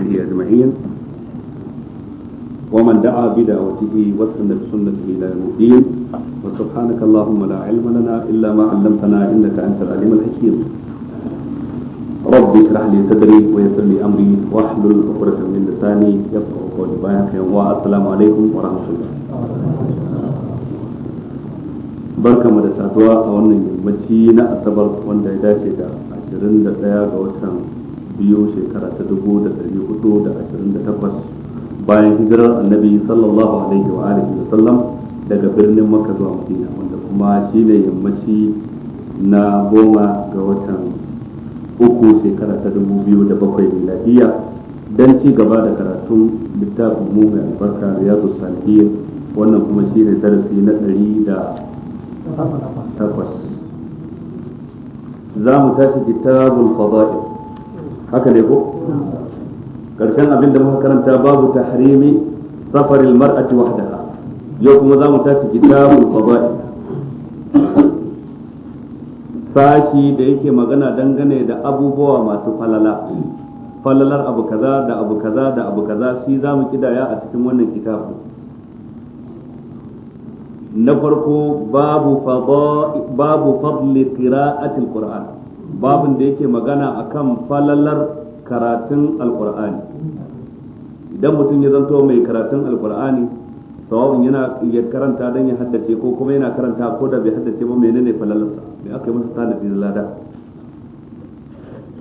وصحبه أجمعين ومن دعا بدعوته واستنى بسنته إلى يوم الدين وسبحانك اللهم لا علم لنا إلا ما علمتنا إنك أنت العليم الحكيم رب اشرح لي صدري ويسر لي أمري واحلل عقدة من لساني يفقه قولي بارك والسلام عليكم ورحمة الله barka mu da saduwa a wannan yammaci na asabar wanda ya dace da 21 ga watan biyu shekara ta dubu da ɗari hudu da ashirin da takwas bayan hijirar annabi sallallahu alaihi wa alihi wa sallam daga birnin makka zuwa madina wanda kuma shi ne yammaci na goma ga watan uku shekara ta dubu biyu da bakwai miladiya don ci gaba da karatun littafin mu mai albarka riyadu salihin wannan kuma shi ne darasi na ɗari da takwas za mu tashi kitabul fada'il haka ne ko karshen abin da muka karanta babu tahrimi safar mar'ati wahdaha yau kuma za mu tashi kitabul fada'i sashi da yake magana dangane da abubuwa masu falala falalar abu kaza da abu kaza da abu kaza shi za mu kidaya a cikin wannan kitabu na farko babu fadli qira'atil qur'an babin da yake magana a kan falalar karatun alkur'ani idan mutum ya zanto mai karatun alkur'ani sawa'un yana ya karanta don ya haddace ko kuma yana karanta ko da bai haddace ba menene falalarsa mai aka yi masa tanadi da lada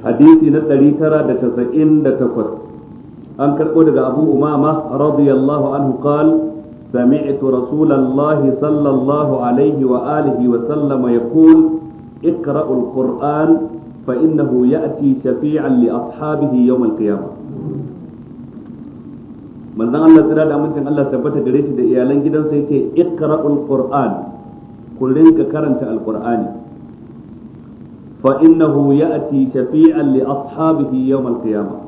hadisi na 998 an karɓo daga Abu Umama radiyallahu anhu qal سمعت رسول الله صلى الله عليه وآله وسلم يقول اقرأوا القرآن فإنه يأتي شفيعا لأصحابه يوم القيامة manzon Allah tsira da amincin Allah tabbata gare da iyalan gidansa yake iqra'ul qur'an ku rinka karanta alkur'ani fa innahu ya'ti shafi'an li ashabihi yawm al-qiyamah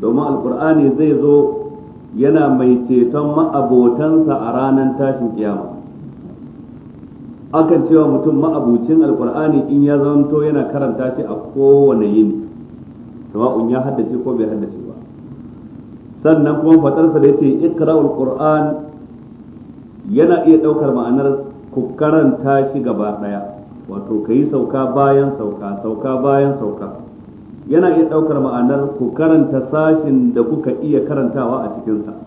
domin alkur'ani zai zo yana mai ceton ma'abotansa a ranar tashin kiyama akan cewa mutum ma'abucin alkur'ani in ya zanto yana karanta shi a kowane yini in ya haddace ko bai haddace ba sannan kuma fatarsa da yake ikra'ul qur'an yana iya daukar ma'anar ku karanta shi gaba daya wato kayi sauka bayan sauka sauka bayan sauka yana iya daukar ma'anar ku karanta sashin da kuka iya karantawa a cikinsa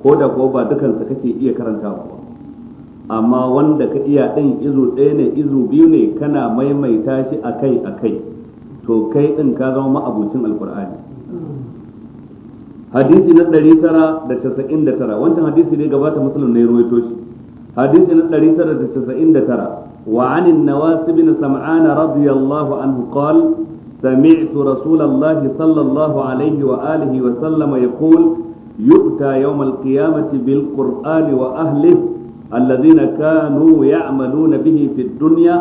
ko da ko ba dukansa kake iya karantawa amma wanda ka iya ɗin izu ɗaya ne izu biyu ne kana maimaita shi akai akai to kai ɗin ka zama ma'abucin alkur'ani hadisi na ɗari tara da casa'in da tara wancan hadisi ne gabata musulun na ruwaito shi hadisi na ɗari tara da casa'in da tara وعن النواس بن سمعان رضي الله عنه قال سمعت رسول الله صلى الله عليه وآله وسلم يقول يؤتى يوم القيامة بالقرآن وأهله الذين كانوا يعملون به في الدنيا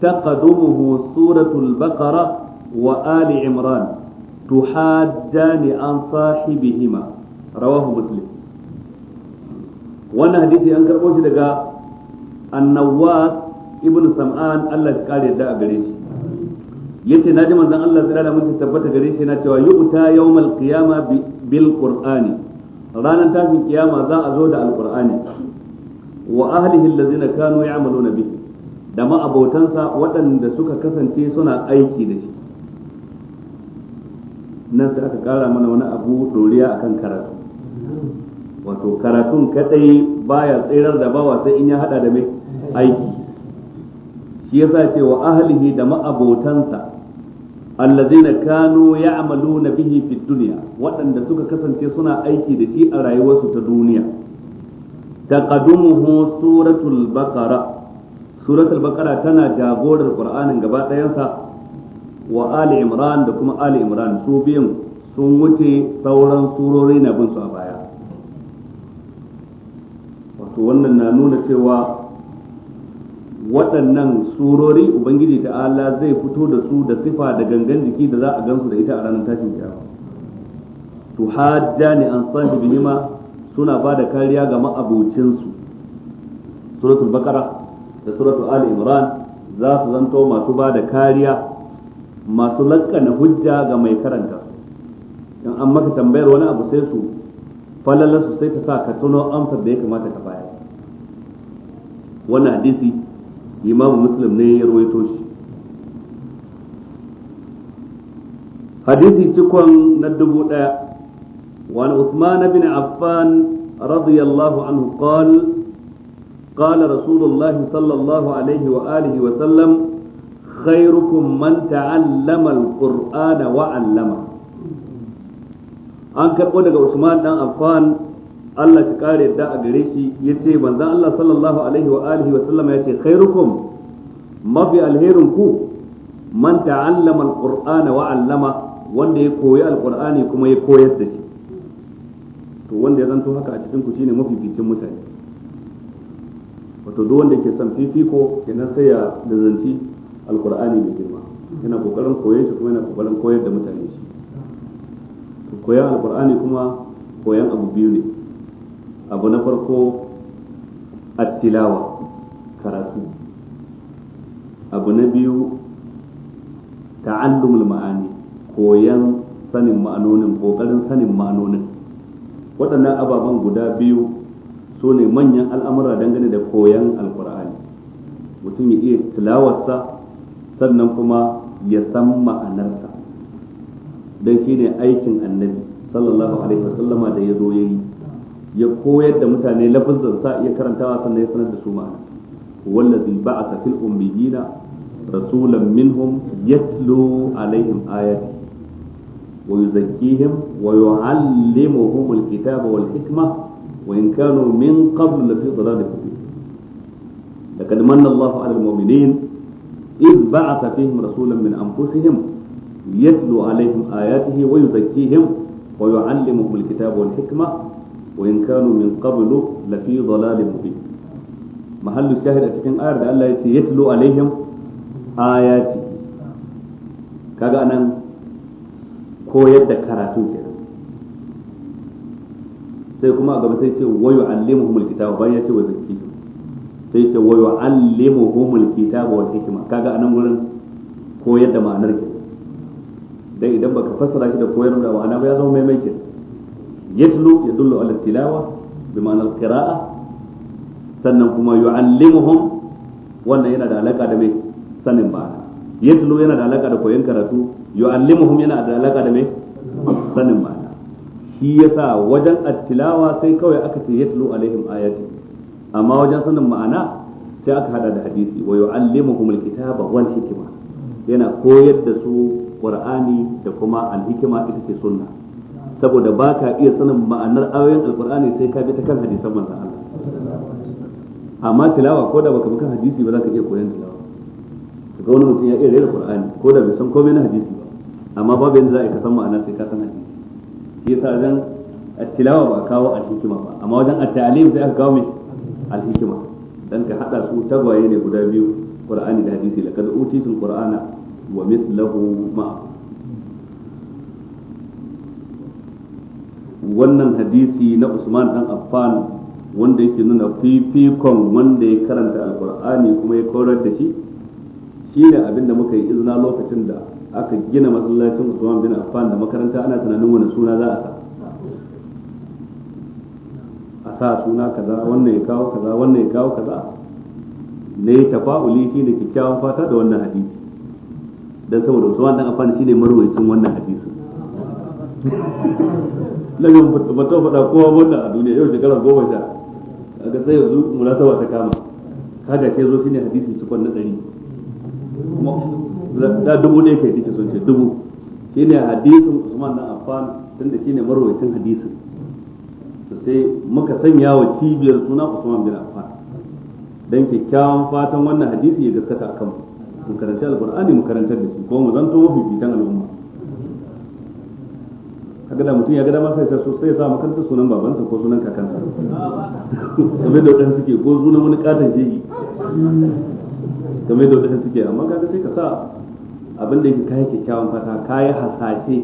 تقدمه سورة البقرة وآل عمران تحاجان عن صاحبهما رواه مسلم وانا حديثي أنكر قوشي لقى النواس ابن سمعان الله قال يدعى قريش yace na ji manzon Allah tsira da mun tabbata gare shi yana cewa yu'ta yawmal qiyama bil qur'ani ranar tashin kiyama za a zo da alqur'ani wa ahlihi allazina kanu ya'maluna bi da ma abotansa waɗanda suka kasance suna aiki da shi nan sai aka kara mana wani abu doriya akan karatu wato karatun kadai baya tsirar da bawa sai in ya hada da mai aiki shi yasa ce wa ahlihi da abotansa allazina kanu ya'maluna bihi fid dunya waɗanda suka kasance suna aiki da shi a rayuwarsu ta duniya taqaddumuhu suratul baqara suratul baqara tana jagorar qur'anin gaba ɗayansa wa ali imran da kuma ali imran su biyan sun wuce sauran surori na bin su a baya wato wannan na nuna cewa waɗannan surori ubangiji ta'ala zai fito da su da sifa da gangan jiki da za a gansu da ita a ranar tashin kiyama to ne an sahibi nima suna ba da kariya ga ma'abocinsu suratul bakara da suratul ali imran za su zanto masu ba da kariya masu lakkana hujja ga mai karanta in an maka tambayar wani abu sai su falala su sai ta sa ka tuno amsar da ya kamata ka bayar wannan hadisi imamu muslim ne ya rawaito shi hadisi cikon na dubu ɗaya. وعن عثمان بن عفان رضي الله عنه قال قال رسول الله صلى الله عليه وآله وسلم خيركم من تعلم القرآن وعلمه an karɓo daga Usman dan Affan Allah ya kare da a gare shi yace manzon Allah sallallahu alaihi wa alihi wa sallam yace khairukum mafi alherin ku man ta'allama wa 'allama wanda ya koyi alqur'ani kuma ya koyar da shi to wanda ya zanto haka a cikin ku shine mafificin mutane wato duk wanda ke son fifiko kenan sai ya dazanci alkur'ani mai girma yana kokarin koyon shi kuma yana kokarin koyar da mutane shi to koyan alkur'ani kuma koyan abu biyu ne abu na farko attilawa karatu abu na biyu ta'allumul ma'ani koyan sanin ma'anonin kokarin sanin ma'anonin waɗannan ababen guda biyu su ne manyan al'amura dangane da koyon alkur'ani mutum ya iya tilawarsa sannan kuma ya san ma'anarsa don shi ne aikin annabi sallallahu alaihi wasallama da ya zo ya yi ya koyar da mutane lafazin sa iya karantawa sannan ya sanar da su ma'ana wallazi ba'atha fil ummiyina rasulan minhum yatlu alaihim ayati ويزكيهم ويعلمهم الكتاب والحكمة وإن كانوا من قبل لفي ضلال مبين لقد من الله على المؤمنين إذ بعث فيهم رسولا من أنفسهم يتلو عليهم آياته ويزكيهم ويعلمهم الكتاب والحكمة وإن كانوا من قبل لفي ضلال مبين محل الشاهد أتكين آية الله يتلو عليهم آياته كذا أنا koyar da karatu kenan sai kuma a gaba sai ce wa humul kitabu bayan ya ce wa zaki sai ce wa humul kitabu wa hikima kaga anan gurin koyar da ma'anar ke dan idan baka fassara shi da koyar da ma'ana ba ya zama mai mai yatlu yadullu ala tilawa bi ma'anar qira'a sannan kuma yu'allimuhum wannan yana da alaka da mai sanin yadda yatlu yana da alaka da koyon karatu yu'allimuhum yana da alaka da mai sanin ma'ana shi yasa wajen attilawa sai kawai aka ce yatlu alaihim ayati amma wajen sanin ma'ana sai aka hada da hadisi wa yu'allimuhum alkitaba wal hikma yana koyar da su qur'ani da kuma alhikima ita ce sunna saboda ba ka iya sanin ma'anar ayoyin alqur'ani sai ka bi ta kan hadisan manzon Allah amma tilawa ko da baka bi kan hadisi ba za ka iya koyon tilawa ga wani mutum ya iya rera qur'ani ko da bai san komai na hadisi ba amma babu yadda za a yi ka san ma'ana sai ka san hadisi shi yasa wajen tilawa ba a kawo al-hikima ba amma wajen at-ta'lim sai aka kawo mai al-hikima dan ka hada su tagwaye ne guda biyu qur'ani da hadisi laqad utitul qur'ana wa mithluhu ma wannan hadisi na Usman dan Affan wanda yake nuna fifikon wanda ya karanta alkur'ani kuma ya korar da shi shine abinda muka yi izina lokacin da aka gina masallacin Usman bin Affan da makaranta ana tunanin wani suna za a sa a sa suna kaza wannan ya kawo kaza wannan ya kawo kaza ne uli shi ne kyakkyawan fata da wannan hadisi dan saboda Usman dan Affan shine marwayacin wannan hadisi lamin ba ta faɗa kowa wannan a duniya yau shekara goma sha kaga sai yanzu munasaba ta kama kaga sai zo shine hadisin cikon na ɗari da dubu ne kai take son ce dubu shine hadisin Usman na Affan tunda shine marwayin hadisin to sai muka sanya wa cibiyar suna Usman bin Affan dan kyakkyawan fatan wannan hadisi ya gaskata akan mu mu karanta alqur'ani mu karantar da shi ko mu zanto mafificin al'umma kaga da mutum ya ga dama sai sai ya sa makarantar sunan babansa ko sunan kakansa kamar da wadansu suke ko sunan wani katan jeji kamar da wadansu suke amma kaga sai ka sa abin da yake kai kyakkyawan fata ka yi hasashe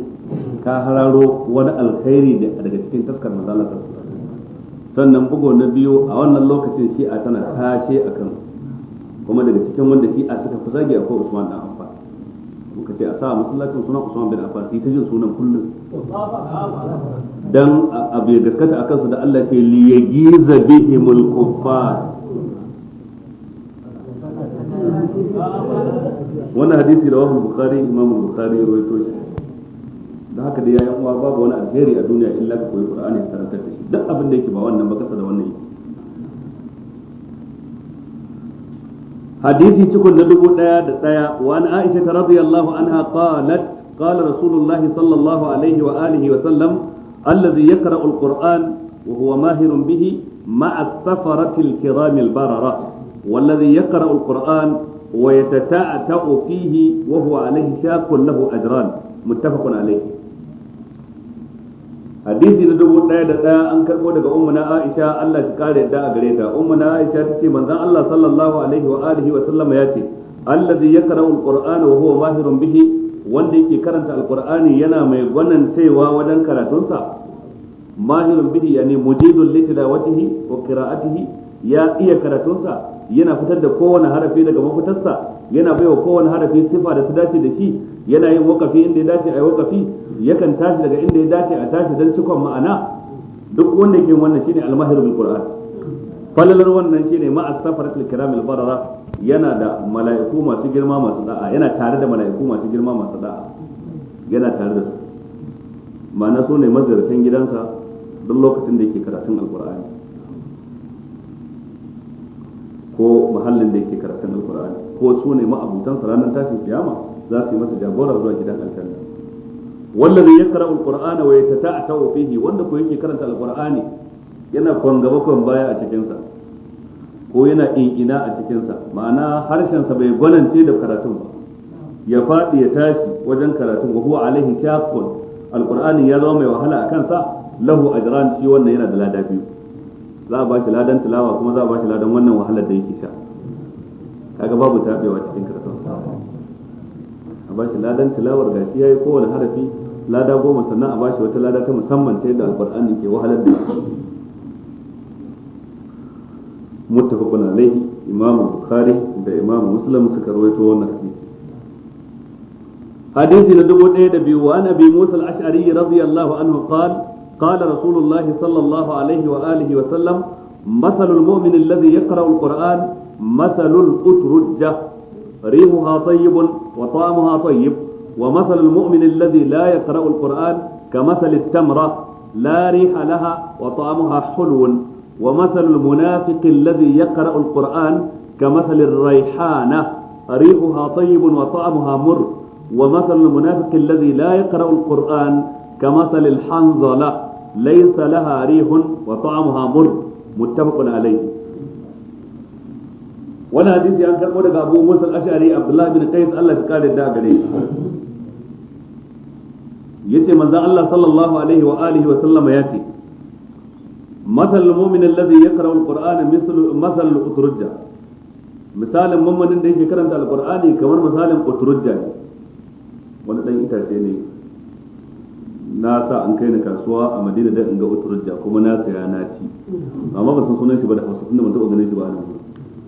ka hararo wani alkhairi daga cikin taskar manzo Allah sannan bugo na biyu a wannan lokacin shi a tana tashe a kan kuma daga cikin wanda shi a suka fi zagi akwai Usman dan Affan muka ce a sa masallacin sunan Usman bin su sai ta jin sunan kullum dan abu ya gaskata a kansu da Allah ce li yagiza bihimul kuffar wannan hadisi da rawahu bukhari imamu ya rawaito shi da haka da yayan uwa babu wani alheri a duniya illa ka koyi qur'ani ka karantar da shi duk abin da yake ba wannan ba kasa da wannan yake hadisi cikon na dubu daya da daya wa an aisha radiyallahu anha qalat qala rasulullahi sallallahu alaihi wa alihi wa sallam الذي يقرأ القرآن وهو ماهر به مع السفرة الكرام البررة والذي يقرأ القرآن wa ta fihi wa huwa alaihi shaqqun lahu ajran muttafaqun alaihi hadisi na dubu ɗaya da ɗaya an karɓo daga ummuna Aisha Allah ta kare yadda a gare ta ummuna Aisha ta ce manzon Allah sallallahu alaihi wa wa sallama ya ce allazi yaqra'u al wa wanda yake karanta alkur'ani yana mai cewa wajen karatunsa mahirun bihi yani mujidul li tilawatihi wa qira'atihi ya iya karatunsa yana fitar da kowane harafi daga mafitarsa yana baiwa kowane harafi sifa da ta dace da shi yana yin wakafi inda ya dace a yi wakafi yakan tashi daga inda ya dace a tashi don cikon ma'ana duk wanda yake wannan shine almahiru bil qur'an falalar wannan shine ma asfaratul kiram al barara yana da mala'iku masu girma masu da'a yana tare da mala'iku masu girma masu da'a yana tare da su ma'ana su ne mazaratan gidansa duk lokacin da yake karatun alqur'ani ko mahallin da yake karatun alkur'ani ko su ne ma'abutan ranar tashin kiyama za su yi masa jagora zuwa gidan aljanna wallazi wai ta wa ta fihi wanda ko yake karanta alkur'ani yana kwangaba kwan baya a cikin sa ko yana in'ina a cikin sa ma'ana harshen sa bai gwanance da karatun ba ya faɗi ya tashi wajen karatun wa huwa alaihi shaqqun alqur'ani ya zama mai wahala akan sa lahu ajran shi wannan yana da lada biyu za a ba shi ladan tilawa kuma za a ba shi ladan wannan wahalar da yake sha kaga babu tabewa cikin karatun a ba shi ladan tilawar ga shi yayi kowane harafi lada goma sannan a ba shi wata lada ta musamman ta yadda alqur'ani ke wahalar da shi muttafaqun alaihi imamu bukhari da imamu muslim suka rawaito wannan hadisi hadisi na dubu ɗaya da biyu wa annabi musa al-ash'ari radiyallahu anhu qala قال رسول الله صلى الله عليه وآله وسلم مثل المؤمن الذي يقرأ القرآن مثل الأترجة ريحها طيب وطعمها طيب ومثل المؤمن الذي لا يقرأ القرآن كمثل التمرة لا ريح لها وطعمها حلو ومثل المنافق الذي يقرأ القرآن كمثل الريحانة ريحها طيب وطعمها مر ومثل المنافق الذي لا يقرأ القرآن كمثل الحنظلة laysa laha rihun wa ta'amuha mur muttafaqun alayhi hadisi an karbo daga Abu Musa ashari Abdullahi bin Qais Allah ya kare da gare shi yace manzon Allah sallallahu alaihi wa alihi wa sallama yace مثل المؤمن الذي يقرأ القرآن مثل مثل الأترجة مثال مؤمن ده يقرأ القرآن كمان مثال wani dan itace ne. na sa an kai ni kasuwa a madina da in ga uturja kuma na saya na ci amma ba san sunan shi ba da hausa tunda ban taɓa ganin shi ba a nan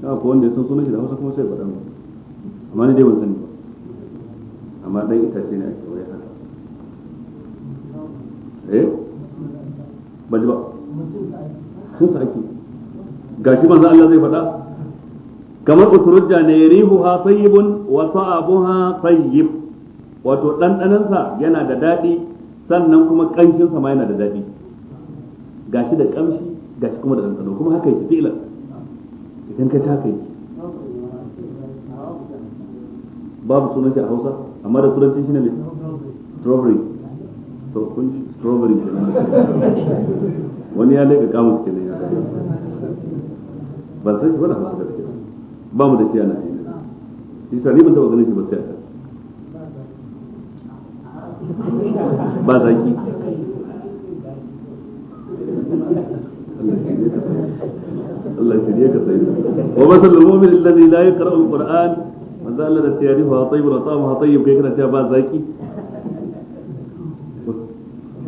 ba ko wanda ya san sunan shi da hausa kuma sai faɗa amma ni dai ban sani ba amma dan itace ne ake wai haka eh ba ji ba sun sa ake shi manzo Allah zai faɗa kamar uturujja ne rihuha tayyibun wa sa'abuha tayyib wato ɗanɗanansa yana da daɗi sannan kuma kanshin sa ma yana da daɗi gashi da kamshi gashi kuma da ɗanɗano kuma haka yake fi'lan idan ka ta kai babu sunan shi a Hausa amma da turanci shine ne strawberry to kun strawberry wani ya leka kamun kenan ya ba sai wani Hausa gaskiya ba mu da shi a Najeriya shi sa ni ban taɓa ganin shi ba sai a ba zaki wa masalul mu'min alladhi la yaqra'u al-qur'an manzo Allah da tayari fa tayyib wa ta'am ha tayyib kai kana cewa ba zaki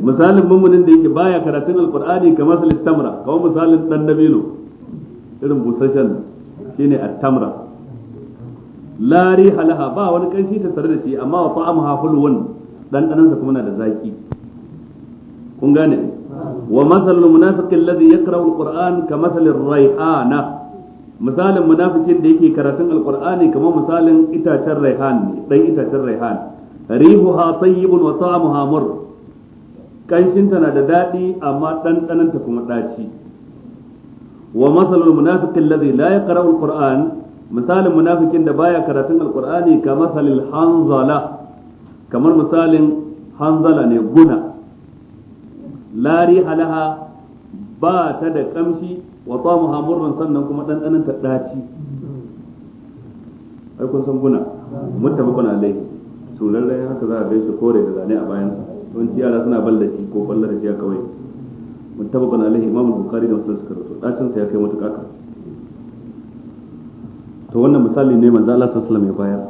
misalin mumunin da yake baya karatun alqur'ani kamar sal tamra kamar misalin dan dabino irin busasshen shine at-tamra la riha laha ba wani kanshi ta tare da shi amma wa ta'am ha Ɗanɗanansa kuma na da zaƙi. kun gane wa masalul munafiqi alladhi yaqra'u alquran ka masalir rayhana misalin munafikin da yake karatun alqur'ani kamar misalin itacen rayhan ne dan itacen rayhan rihuha tayyibun wa ta'amuha mur kanshin na da dadi amma dandanan ta kuma ɗaci. wa masalul munafiqi alladhi la yaqra'u alquran misalin munafikin da baya karatun alqur'ani ka masalil hanzala kamar misalin hanzala ne guna lari halaha ba ta da kamshi wa tsamuha murran sannan kuma ɗanɗanin ta ɗaci ai kun san guna muttafaqun alai sunan haka za a bai shi kore da zane a bayan don yara suna bal shi ko ballar da shi a kawai muttafaqun alai imam bukhari da wasu suka rawaito ɗacin sa ya kai matuƙa to wannan misali ne manzo Allah sallallahu alaihi wasallam ya bayar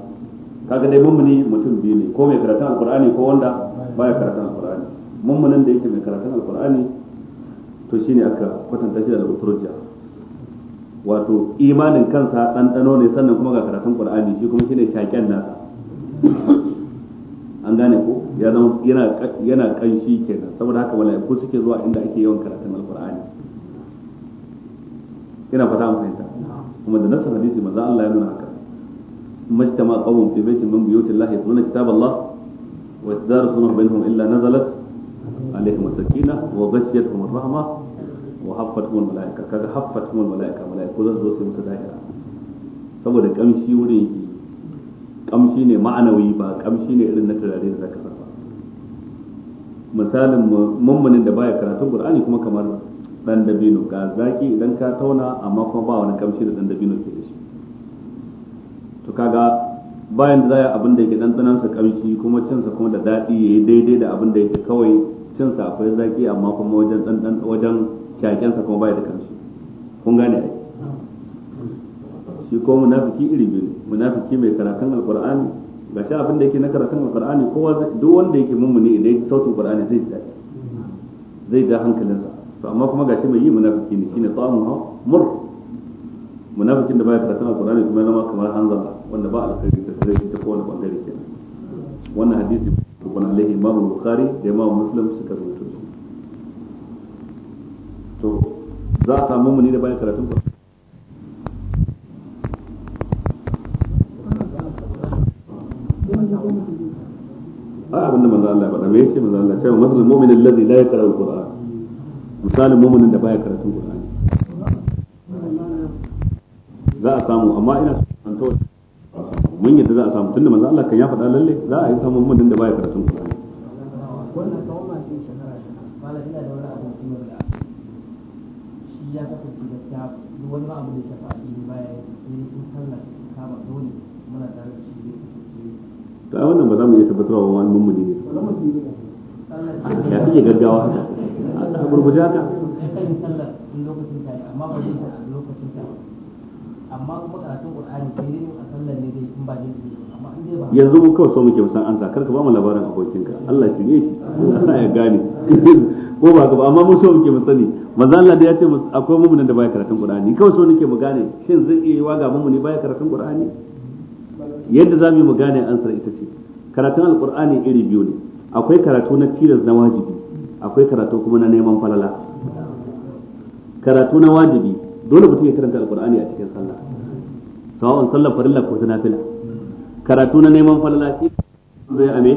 kaga dai mummuni mutum biyu ne ko mai karatun alkur'ani ko wanda baya karatun alkur'ani mummunan da yake mai karatun alkur'ani to shine aka kwatanta shi da al'uturja wato imanin kansa ɗanɗano ne sannan kuma ga karatun qur'ani shi kuma shine shaƙen nasa an gane ko yana yana yana kanshi kenan saboda haka mala'iku suke zuwa inda ake yawan karatun alkur'ani ina fata an fahimta kuma da nasa hadisi manzo Allah ya nuna haka مجتمع قوم في بيت من بيوت الله يتلون كتاب الله ويتدارسونه بينهم إلا نزلت عليهم السكينة وغشيتهم الرحمة وحفتهم الملائكة كذا حفتهم الملائكة ملائكة كل ذو سمت saboda kamshi wurin yake kamshi ne ma'anawi ba kamshi ne irin na turare da zaka saba misalin mummunin da baya karatun qur'ani kuma kamar dan dabino ga zaki idan ka tauna amma kuma ba wani kamshi da dan dabino ke to kaga bayan da za a abin da yake dandanan sa kamshi kuma cin sa kuma da daɗi yayi daidai da abin da yake kawai cin sa akwai zaki amma kuma wajen dandan wajen kyakken sa kuma bai da kamshi kun gane ai shi ko munafiki iri biyu munafiki mai karatun alqur'ani ga shi abin da yake na karatun alqur'ani kowa duk wanda yake mummuni idan ya sautin alqur'ani zai ji zai ga sa to amma kuma shi mai yi munafiki ne shine tsamu mur munafikin da baya karatun alqur'ani kuma zama kamar hanzala wanda ba alkhairi ta tare ta kowane bangare kenan wannan hadisi kuma alaihi imam bukhari da imam muslim suka rubuta shi to za a samu muni da bayan karatun ba ai abinda manzo Allah ya faɗa me yace manzo Allah cewa masalul mu'min alladhi la yaqra'u al-qur'an misalin mu'minin da baya karatun qur'ani za a samu amma ina son an tawaye mun yadda za a samu tunda manzo Allah kan ya faɗa lalle za a yi samu mutum da baya karatun Qur'ani wannan kawma ce shahara shi ina da wani aboki mai da shi ya kasance gaskiya duk wani abu da shafa addini baya yi in ka ba dole muna tare da shi ne to a wannan ba za mu iya tabbatarwa ba wani mummuni ne ya kike gaggawa a gurguje haka amma kuma karatun qur'ani kai ne a sallar ne dai in ba dai amma in dai ba yanzu mu kawai so muke musan ansa kar ka ba mu labarin abokinka Allah shi ne shi Allah ya gane ko ba ka ba amma mu so muke mu sani manzo Allah da ya ce akwai mu'minin da baya karatun qur'ani kawai so nake mu gane shin zai iya yi wa ga mumuni baya karatun qur'ani yadda za mu gane ansar ita ce karatun alqur'ani iri biyu ne akwai karatu na tilas na wajibi akwai karatu kuma na neman falala karatu na wajibi dole mutum ya karanta alqur'ani a cikin sallah sawa'un sallar farilla ko ta nafila karatu na neman falala shi zai ame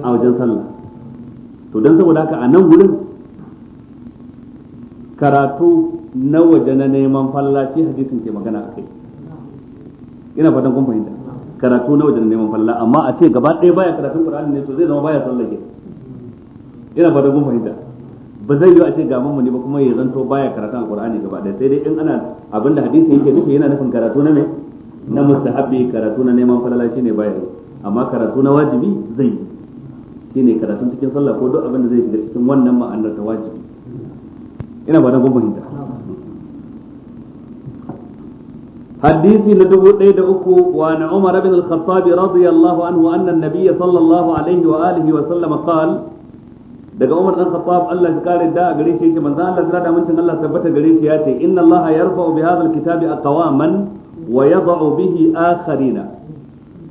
a wajen sallah to don saboda haka a nan gurin karatu na waje na neman falala shi hadisin ke magana a kai ina fatan kun fahimta karatu na waje na neman falala amma a ce gaba ɗaya baya karatun qur'ani ne to zai zama baya sallah ke ina fatan kun fahimta ba zai yi a ce ga mu ne ba kuma ya zanto baya karatun qur'ani gaba ɗaya sai dai in ana abinda hadisi yake nufi yana nufin karatu na me na mustahabbi karatu na neman falala shine bayarwa amma karatu na wajibi zai shine karatu cikin sallah ko duk abinda da zai shiga cikin wannan ma'anar ta wajibi ina ba na gun fahimta hadisi na dubu ɗaya da uku wa na umar bin al-khattab radiyallahu anhu anna an-nabiy sallallahu alaihi wa alihi wa sallama qala daga Umar dan Khattab Allah ya kare da gare shi yake manzo Allah zira da mutun Allah tabbata gare shi yace inna Allah yarfa'u bi hadha alkitabi aqwaman wa yad'u bihi akharina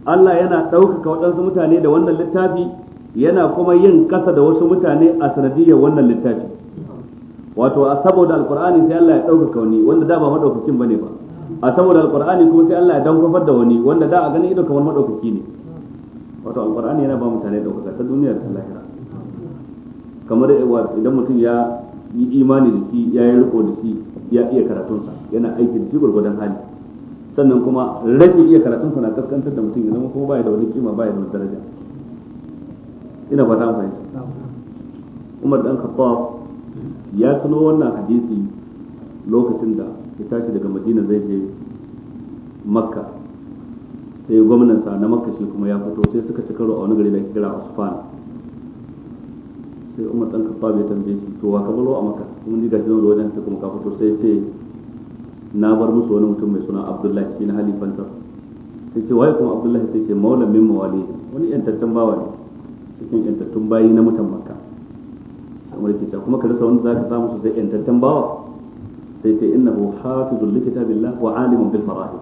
Allah yana ɗaukaka waɗansu mutane da wannan littafi yana kuma yin kasa da wasu mutane a sanadiyar wannan littafi wato a saboda alqur'ani sai Allah ya ɗaukaka wani wanda da ba madaukakin bane ba a saboda alqur'ani kuma sai Allah ya daukafar da wani wanda da a ganin ido kamar madaukaki ne wato alqur'ani yana ba mutane ɗaukaka ta duniya da lahira kamar idan mutum ya yi imani da shi ya yi riko da shi ya iya karatunsa yana aikin shi gwargwadon hali sannan kuma rage iya karatunsa na kaskantar da mutum idan kuma baya da wani kima baya da wani daraja ina fata an fahimta Umar dan Khattab ya tuno wannan hadisi lokacin da ya tashi daga Madina zai je Makka sai gwamnan sa na Makka shi kuma ya fito sai suka ci karo a wani gari da ake kira Usfan sai umar dan kafa bai tambaye shi to wa ka baro a maka kuma ni gashi zan zo wajen sai kuma ka fito sai ce na bar musu wani mutum mai suna abdullahi shi na halifan halifanta sai ce waye kuma abdullahi sai ce maulan min mawali wani yantaccen bawa ne cikin yantattun bayi na mutan makka kamar ke cewa kuma ka rasa wanda zaka samu su sai yantaccen bawa sai ce innahu hafizul likitabillah wa alimun bil fara'id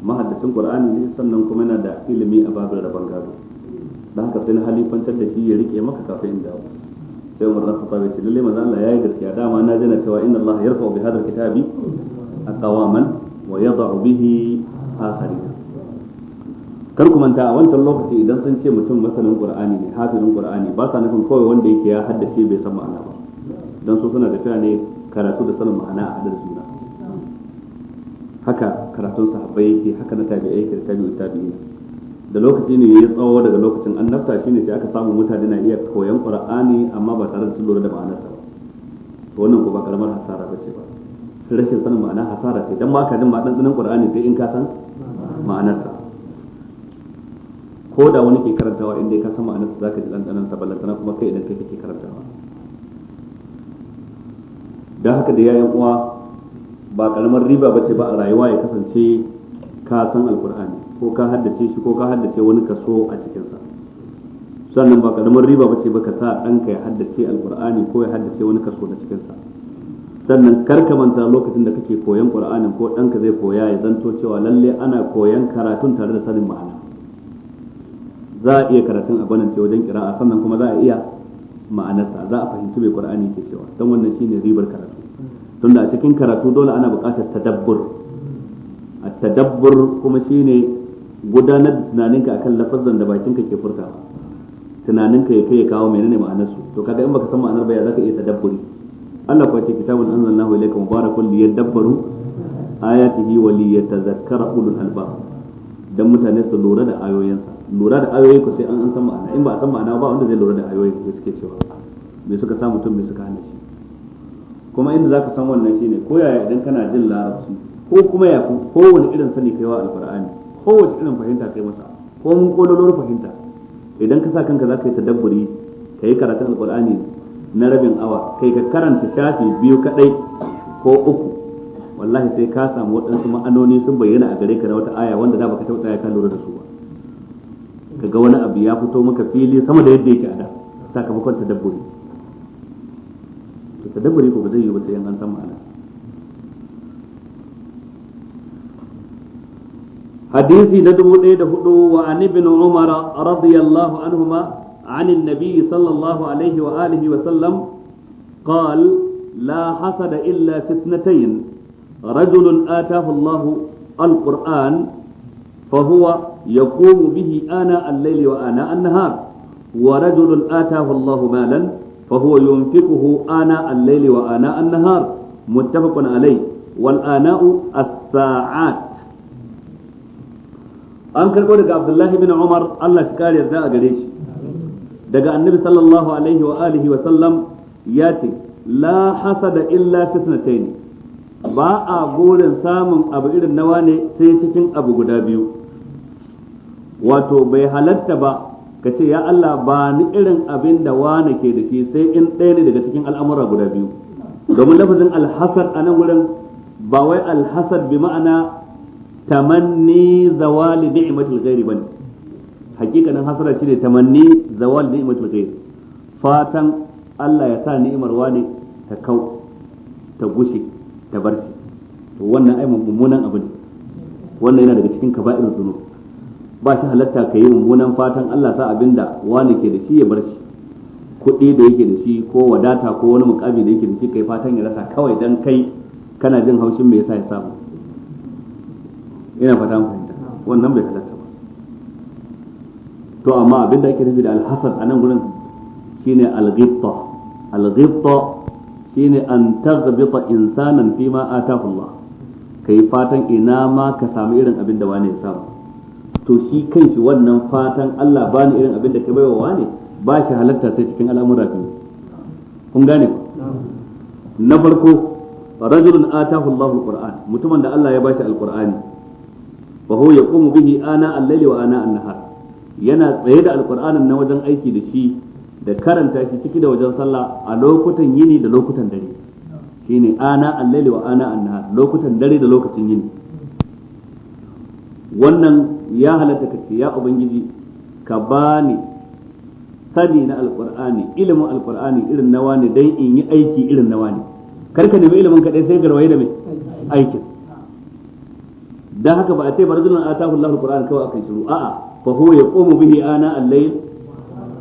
mahaddacin qur'ani ne sannan kuma yana da ilimi a babin rabon gado da haka sai na halifantar da shi ya rike maka kafin in dawo sai Umar bin Khattab ya ce lalle manzo Allah yayi gaskiya dama na jana cewa inna Allah yarfa'u bi hadhal kitabi aqwaman wa yad'u bihi akharin kar ku manta a wancan lokaci idan sun ce mutum masanin qur'ani ne hafizin qur'ani ba sa nufin kawai wanda yake ya haddace bai san ma'ana ba dan su suna tafiya ne karatu da sanin ma'ana a hadar suna haka karatun sahabbai yake haka na tabi'ai yake da tabi'u tabi'ina da lokaci ne ya tsawo daga lokacin annabta ne sai aka samu mutane na iya koyan qur'ani amma ba tare da sun lura da ma'anar ba to wannan ko ba karamar hasara ba ce ba sai rashin sanin ma'ana hasara ce dan ma ka jin ma dan tsinin qur'ani sai in ka san ma'anarsa ko da wani ke karantawa inda ka san za zaka ji dan tsanan sa kuma kai idan kai kake karantawa dan haka da yayan uwa ba karamar riba ba ce ba a rayuwa ya kasance ka san alqur'ani ko ka haddace shi ko ka haddace wani kaso a cikinsa sannan ba karamin riba ba ce ba ka sa ɗanka ya haddace alkur'ani ko ya haddace wani kaso da cikinsa sannan kar ka manta lokacin da kake koyan ƙur'ani ko ɗanka zai koya ya zanto cewa lalle ana koyan karatun tare da sanin ma'ana za a iya karatun a gwanin wajen kira'a sannan kuma za a iya ma'anarsa za a fahimci mai qur'ani ke cewa don wannan shine ribar karatu tunda a cikin karatu dole ana buƙatar tadabbur a tadabbur kuma shine gudanar da tunaninka akan lafazan da bakinka ke furta tunaninka ya kai ya kawo menene ma'anar su to kaga in baka san ma'anar ba ya zaka iya tadabburi Allah kuwa ce kitabun anzalallahu ilayka mubarakun yadabbaru ayatihi wa yatazakkara ulul albab dan mutane su lura da ayoyinsa lura da ayoyin ku sai an an san ma'ana in ba a san ma'ana ba wanda zai lura da ayoyin da suke cewa me suka sa mutum me suka hana shi kuma inda zaka san wannan shine ko yaya idan kana jin larabci ko kuma ya ko wani irin sani kaiwa alqur'ani kowace irin fahimta kai masa ko mun kololor fahimta idan ka sa kanka za ka yi tadabburi ka yi karatun alkur'ani na rabin awa kai ka karanta shafi biyu kadai ko uku wallahi sai ka samu waɗansu ma'anoni sun bayyana a gare ka na wata aya wanda da baka taɓa ya ka lura da su ba kaga wani abu ya fito maka fili sama da yadda yake a da sakamakon tadabburi to tadabburi ko ba zai yi ba sai an san ma'ana حديث na dubu ɗaya وعن ابن عمر رضي الله عنهما عن النبي صلى الله عليه وآله وسلم قال لا حسد إلا في اثنتين رجل آتاه الله القرآن فهو يقوم به آناء الليل وآناء النهار ورجل آتاه الله مالا فهو ينفقه آناء الليل وآناء النهار متفق عليه والآناء الساعات an karɓo daga abdullahi bin umar Allah shi kare yarda a gare shi daga annabi sallallahu alaihi wa alihi wa sallam ya ce la hasada illa fitnatayn ba a gurin samun abu irin nawa ne sai cikin abu guda biyu wato bai halatta ba ka ce ya Allah ba ni irin abin da wane ke da ke sai in ɗaya ne daga cikin al'amura guda biyu domin lafazin alhasad a nan wurin ba wai alhasad bi ma'ana tamanni zawali ni'matul ghairi bane hakikanin hasara shine tamanni zawali ni'matul ghairi fatan Allah ya sa ni'imar wani ta kau ta gushe ta bar shi to wannan ai mummunan abin wannan yana daga cikin kaba'irul dhunub ba shi halatta ka yi mummunan fatan Allah sa abinda wani ke da shi ya bar shi kuɗi da yake da shi ko wadata ko wani mukami da yake da shi kai fatan ya rasa kawai dan kai kana jin haushin me yasa ya samu ina fata mu fahimta wannan bai halatta ba to amma abinda ake nufi da alhasan a nan gurin shine alghitta alghitta shine an tazbita insanan fi ma atahu Allah kai fatan ina ma ka samu irin abin da wani ya samu to shi kanshi wannan fatan Allah bani irin abin da ka baiwa wani ba shi halatta sai cikin al'amura biyu kun gane ku na farko rajulun atahu Allahu alquran mutumin da Allah ya bashi alqur'ani fa huwa yaqumu bihi ana al-layli wa ana an-nahar yana tsaye da alqur'anin na wajen aiki da shi da karanta shi ciki da wajen sallah a lokutan yini da lokutan dare shine ana al-layli wa ana an-nahar lokutan dare da lokacin yini wannan ya halatta kace ya ubangiji ka bani sani na alqur'ani ilimin alqur'ani irin nawa ne dan in yi aiki irin nawa ne karka nemi ilimin dai sai garwaye da mai aikin dan haka ba a ce barjulun atahu Allahu alquran kawai akai shiru a'a fa huwa yaqumu bihi ana al-layl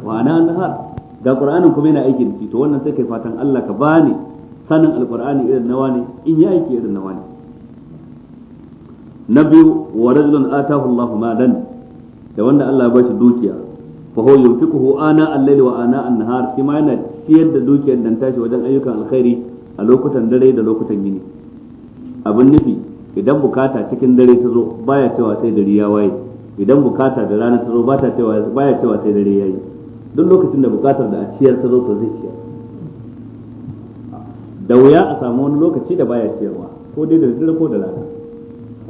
wa ana an-nahar ga qur'anin kuma yana aikin da shi to wannan sai kai fatan Allah ka bani sanin alqur'ani irin nawa ne in ya aiki irin nawa ne na biyu wa rajulun atahu Allahu malan da wanda Allah ya bashi dukiya fa huwa yunfiquhu ana al-layl wa ana an-nahar shi ma yana ciyar da dukiyar dan tashi wajen ayyukan alkhairi a lokutan dare da lokutan yini abin nufi idan bukata cikin dare ta zo baya cewa sai dare ya waye idan bukata da rana ta zo baya cewa sai dare ya yi duk lokacin da bukatar da a ciyar ta zo to zai ciyar da wuya a samu wani lokaci da baya ciyarwa ko dai da dare ko da rana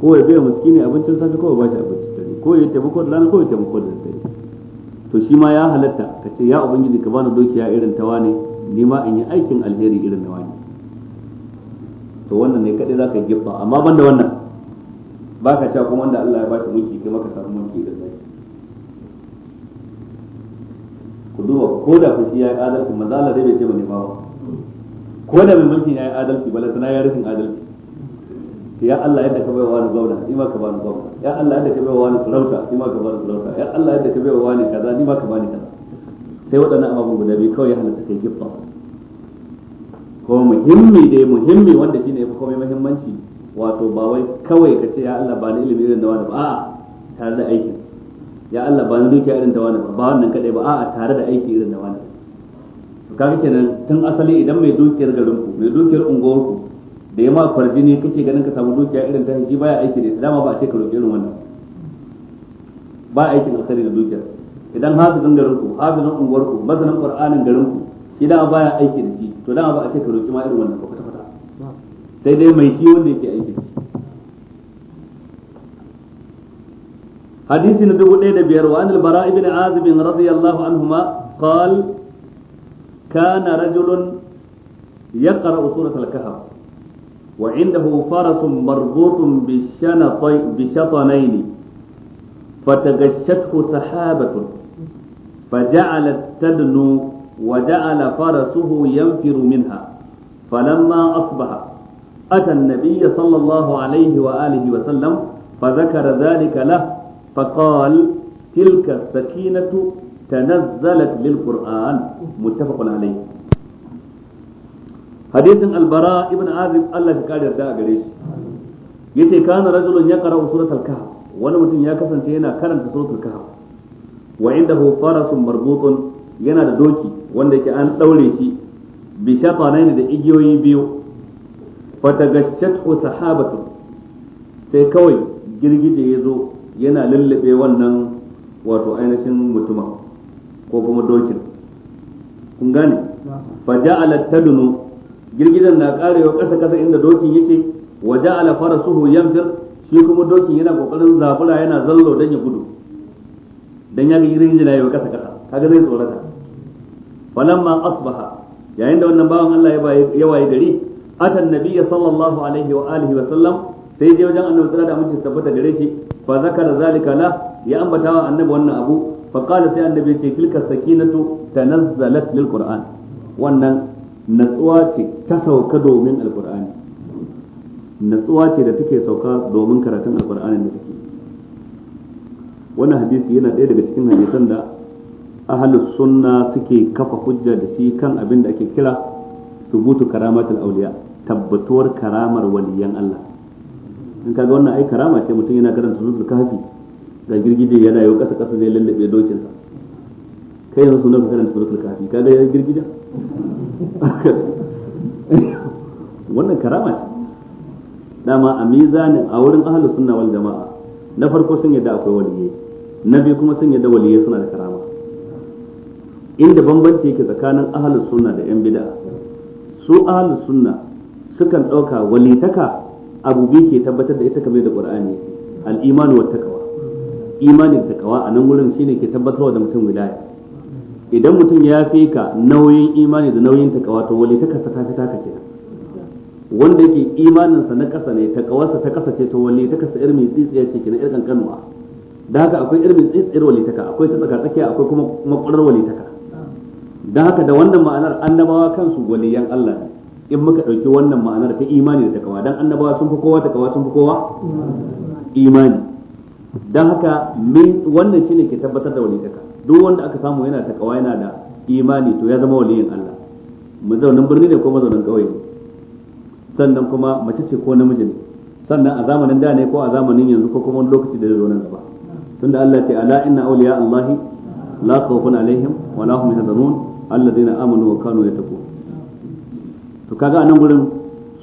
ko ya biya miskini abincin safe ko ya bashi abincin dare ko ya taimako da rana ko ya taimako da dare to shi ma ya halatta ka ce ya ubangiji ka bani dukiya irin ta wane ni ma in yi aikin alheri irin na wane to wannan ne kadai zaka gifta amma banda wannan baka cewa kuma wanda Allah ya ba shi mulki kai maka samu mulki da zai ku duba ko da ku ya yi adalci maza Allah dai bai ce bane ba ko da mai mulki ya yi adalci bala na ya rufin adalci ya Allah yadda ka baiwa wani zauna ni ma ka bani zauna ya Allah yadda ka baiwa wani sarauta ni ma ka bani sarauta ya Allah yadda ka baiwa wani kaza ni ma ka bani kaza sai waɗannan abubuwa guda biyu kawai ya halatta kai gifta ko muhimmi dai muhimmi wanda ya fi komai muhimmanci wato ba wai kawai ka ce ya Allah ba ni ilimi irin da wani ba a'a tare da aikin ya Allah ba ni dukiya irin da wani ba ba wannan kadai ba a'a tare da aiki irin da wani to kaga kenan tun asali idan mai dukiyar garin ku mai dukiyar unguwar ku da ya ma kwarjini kake ganin ka samu dukiya irin ta shi baya aiki da dama ba a ce ka roƙi irin wannan ba aikin asali da dukiyar idan hafizin garin ku hafizin unguwar ku mazanin qur'anin garin ku idan baya aiki da shi to dan ba a sai ka roki ma irin wannan ba kwata kwata sai dai mai shi wanda yake aiki da shi hadisi na dubu ɗaya da biyar wa anil bara ibn azib bin radiyallahu anhuma qal kana rajulun yaqra surat al-kahf wa indahu faratun marbutun bi shanatay bi shatanayn fatagashathu سحابة فجعلت تدنو وجعل فرسه ينفر منها فلما أصبح أتى النبي صلى الله عليه وآله وسلم فذكر ذلك له فقال تلك السكينة تنزلت للقرآن متفق عليه حديث البراء ابن عازب الله قال يرجع قريش yace kana rajulun yaqra suratul kahf wani mutum ya kasance yana karanta suratul kahf wa indahu farasun marbutun yana da doki wanda yake an daure shi bi shatanain da igiyoyi biyu fatagashshatu sahabatu sai kawai girgije ya zo yana lullube wannan wato ainihin mutuma ko kuma dokin kun gane faja'ala tadunu girgidan na karewa kasa kasa inda dokin yake wa ja'ala farasuhu yamfir shi kuma dokin yana kokarin zafura yana zallo dan ya gudu dan ya ga girgijin yayi kasa kasa kaga zai tsorata falamma asbaha yayin da wannan bawan Allah ya waye gari atan nabiyya sallallahu alaihi wa wa sallam sai je wajen annabi sallallahu alaihi wa tabbata gare shi fa zakara zalika la ya ambata wa annabi wannan abu fa qala sai annabi ce tilka sakinatu tanazzalat lil qur'an wannan natsuwa ce ta sauka domin alqur'ani natsuwa ce da take sauka domin karatun alqur'ani da take wannan hadisi yana ɗaya daga cikin hadisan da ahlus sunna suke kafa hujja da shi kan abin da ake kira subutu karamatul auliya tabbatuwar karamar waliyan Allah in kaga wannan ai karama ce mutum yana karanta sunan kafi ga girgije yana yau kasa kasa zai lallabe dokin sa kai yanzu sunan karanta sunan kafi kaga ya girgije wannan karama ce dama a mizanin a wurin ahlus sunna wal jama'a na farko sun yadda akwai waliyai na biyu kuma sun yadda waliyai suna da karama inda bambanci yake tsakanin ahlus sunna da yan bid'a su ahlus sunna sukan dauka walitaka abu biyu ke tabbatar da ita kamar da qur'ani al-iman wa taqwa imanin taqwa a nan gurin shine ke tabbatarwa da mutum wilaya idan mutum ya fi ka nauyin imani da nauyin taqwa to walitaka ta tafi taka kenan wanda yake imaninsa na ƙasa ne ta ƙawarsa ta ƙasa ce to wali ta kasa irmi tsitsiya ce kina irkan kanuwa da haka akwai irmi tsitsiyar walitaka akwai ta tsaka tsakiya akwai kuma makwarar walitaka Don haka da wannan ma'anar annabawa kansu waliyan Allah ne in muka ɗauki wannan ma'anar ta imani da takawa don annabawa sun fi kowa takawa sun fi kowa imani Don haka min wannan shine ke tabbatar da waliyaka duk wanda aka samu yana takawa yana da imani to ya zama waliyan Allah mazaunin birni ne ko mazaunin ƙauye sannan kuma mace ce ko namiji ne sannan a zamanin da ne ko a zamanin yanzu ko kuma wani lokaci da ya zo nan gaba tunda Allah ya ce ala inna awliya Allah la khawfun alaihim wa lahum yahzanun alladheena amanu wa kanu yattaqun to kaga anan gurin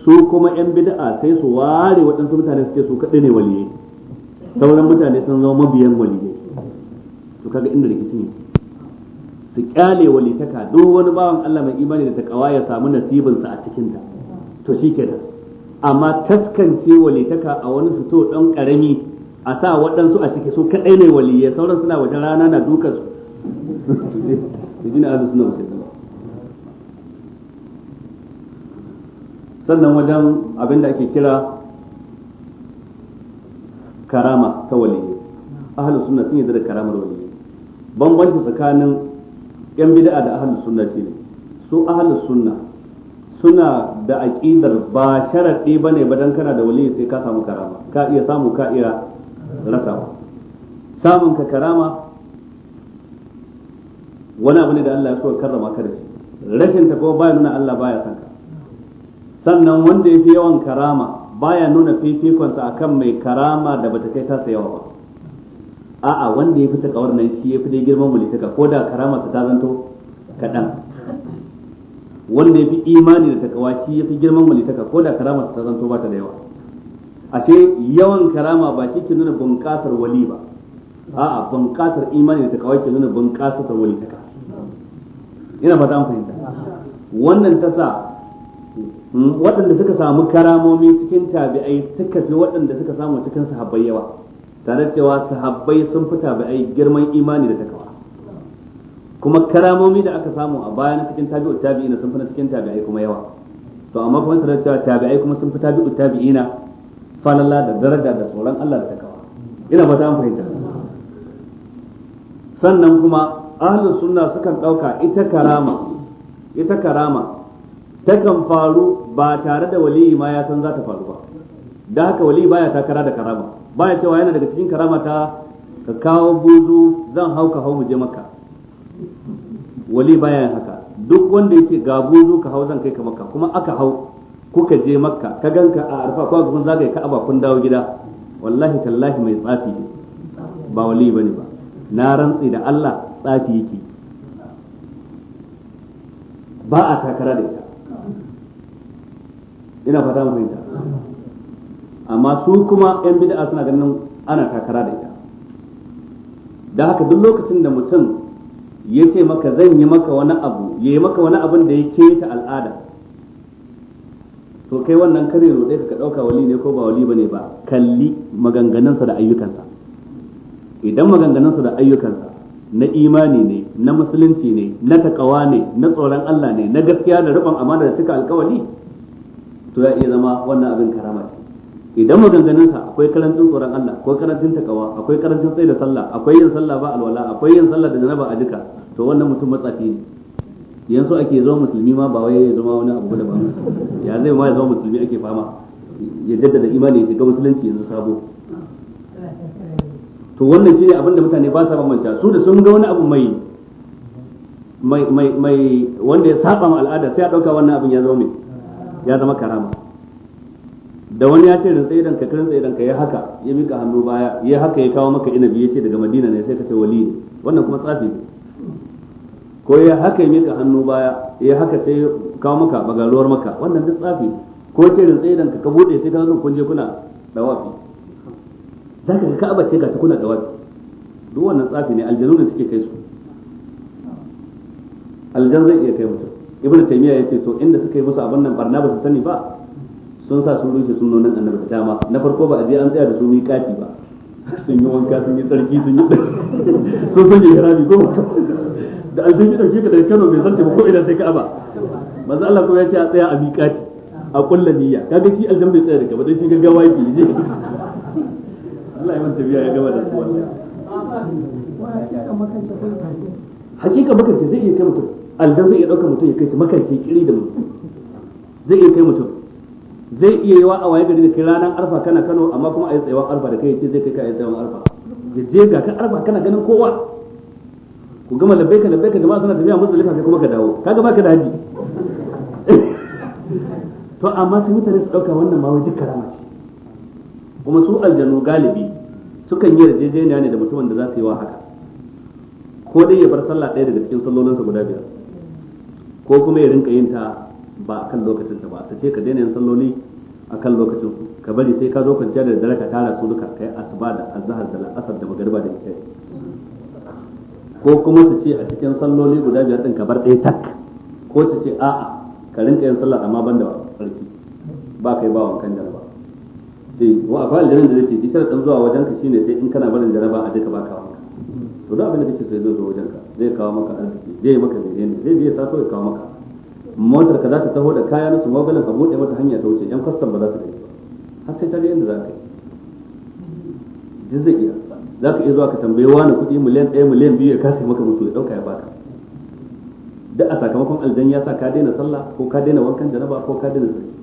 su kuma yan bid'a sai su ware waɗansu mutane suke su kaɗai ne waliye sauran mutane sun zama mabiyan waliye to kaga inda rikici ne su kyale walitaka duk wani bawan Allah mai imani da takawa ya samu nasibinsa a cikin ta to shikenan amma taskance walitaka a wani suto dan karami a sa waɗansu a ciki su kaɗai ne waliyai sauran suna wajen rana na dukansu ahlus sunna sannan wajen abin da ake kira karama ta waliyyi ahlus sunna sun yarda da karamar waliyyi bambanci tsakanin yan bid'a da ahlus sunna shine su ahlus sunna suna da aqidar ba ba bane ba dan kana da waliyyi sai ka samu karama ka iya samu ka iya rasawa samun ka karama wani abu ne da Allah ya so karrama ka da shi rashin ta ko baya nuna Allah baya san ka sannan wanda ya fi yawan karama baya nuna fifikonsa akan mai karama da bata kai tasa yawa ba a'a wanda ya fi ta kawar nan shi ya fi dai girman mulkaka ko da karama ta zanto kaɗan wanda ya fi imani da takawa shi ya fi girman mulkaka ko da karama ta zanto ba ta da yawa ashe yawan karama ba shi ke nuna bunƙasar wali ba a'a bunƙasar imani da takawa ke nuna bunƙasar wali taka ina za an fahimta wannan ta sa hmm, waɗanda suka samu karamomi cikin tabi'ai suka fi waɗanda suka samu cikin sahabbai yawa tare cewa sahabbai sun fi tabi'ai girman imani da takawa kuma karamomi da aka samu a bayan cikin tabi'u tabi'ina sun fi na cikin tabi'ai kuma yawa to amma kuma tare cewa tabi'ai kuma sun fi tabi'u tabi'ina falala da daraja da tsoron Allah da takawa ina za mu fahimta sannan kuma ahlus sunna sukan ɗauka ita karama ita karama takan faru ba tare da waliyi ma ya san za ta faru ba da haka waliyi baya takara da karama baya cewa yana daga cikin karama ta ka kawo buzu zan hau ka hau mu je maka wali baya yin haka duk wanda yake ga buzu ka hau zan kai ka maka kuma aka hau kuka je makka ka ganka a arfa ko kun zagaye ka ka'aba kun dawo gida wallahi tallahi mai tsafi ba wali bane ba na rantsi da Allah tsafi yake ba a takara da ita ina fata mu fahimta amma su kuma yan bid'a suna ganin ana takara da ita da haka duk lokacin da mutum ya ce maka zan yi maka wani abu ya yi maka wani abin da ya ke ta al'ada to kai wannan kare ruɗe ka ɗauka wali ne ko ba wali ba ne ba kalli maganganunsa da ayyukansa idan maganganunsa da ayyukansa na imani ne na musulunci ne na takawa ne na tsoron Allah ne na gaskiya da rubon amana da cika alkawali to ya iya zama wannan abin karama ce idan maganganun sa akwai karancin tsoron Allah akwai karancin takawa akwai karancin tsaye da sallah akwai yin sallah ba alwala akwai yin sallah da janaba a duka, to wannan mutum matsafi ne yanzu ake zama musulmi ma ba wai ya zama wani abu da ba ya zai ma ya zama musulmi ake fama ya jaddada imani ya shiga musulunci yanzu sabo to wannan shine abin da mutane ba sa bambanta su da sun ga wani abu mai mai mai mai wanda ya saba ma al'ada sai a dauka wannan abin ya zama mai ya zama karama da wani ya ce rin tsaye danka kirin tsaye danka ya haka ya mika hannu baya ya haka ya kawo maka inabi ya ce daga madina ne sai ka ce wali ne wannan kuma tsafi ne ko ya haka ya mika hannu baya ya haka sai kawo maka bagaruwar maka wannan duk tsafi ko ce rin tsaye danka ka bude sai ka zo kunje kuna dawafi za ka ga ka'aba ce ga ta kuna da wasu duk wannan tsafi ne aljanu da suke kai su aljan zai iya kai mutum ibnu taymiya yace to inda suka yi musu abin nan barna ba su sani ba sun sa sun rushe sunnonin annabi da dama na farko ba a je an tsaya da su miƙati ba sun yi wanka sun yi tsarki sun yi sun sun yi harami ko da an sun yi ɗauke Kano bai san ba ko ina sai Ka'aba manzo Allah kuma ya ce a tsaya a miƙati a kullu niyya kaga shi aljan bai tsaya da ka ba dai shi gaggawa yake yi Allah ya manta biya ya gama da su hakika makarci zai iya kai mutum aldan zai iya ɗaukar mutum ya kai shi makarci kiri da mutum zai iya kai mutum zai iya yawa a waye gari da kai ranar arfa kana kano amma kuma a yi tsayawar arfa da kai ya ce zai kai ka a yi tsayawar arfa ya je ga ka arfa kana ganin kowa ku gama labbaika labbaika jama'a suna tafiya musu lafiya kuma ka dawo ka gama ka da haji to amma sai mutane su ɗauka wannan ma wai duk karama ce kuma su aljanu galibi sukan yi yarjejeniya ne da mutumin da za su yi wa haka ko dai ya bar sallah ɗaya daga cikin sallolinsa guda biyar ko kuma ya rinka yin ta ba a kan lokacin ta ba ta ce ka daina yin salloli a kan lokacin su ka bari sai ka zo kwanciya da dare ka tara su duka kai asuba da azhar da asar da magariba da Kai ko kuma su ce a cikin salloli guda biyar din ka bar ɗaya tak ko su ce a'a ka rinka yin sallah amma ban da tsarki ba kai ba wankan jaraba ce eh, wa akwai aljanin da zai ce ki sharaɗin zuwa wajenka ka shine sai in kana barin jaraba a duka baka wanka to duk abin da kake sai zai zo wajenka zai kawo maka arziki zai maka menene zai je sato ya kawo maka motar ka za ta taho da kaya na su mobilin ka buɗe mata hanya ta wuce yan kwastan ba za su gani har sai ta je inda za ka yi duk zai iya za ka iya zuwa ka tambaye wani kuɗi miliyan ɗaya miliyan biyu ya kasa maka musu ya ɗauka ya baka duk a sakamakon aljan ya sa ka daina sallah ko ka daina wankan janaba ko ka daina zaki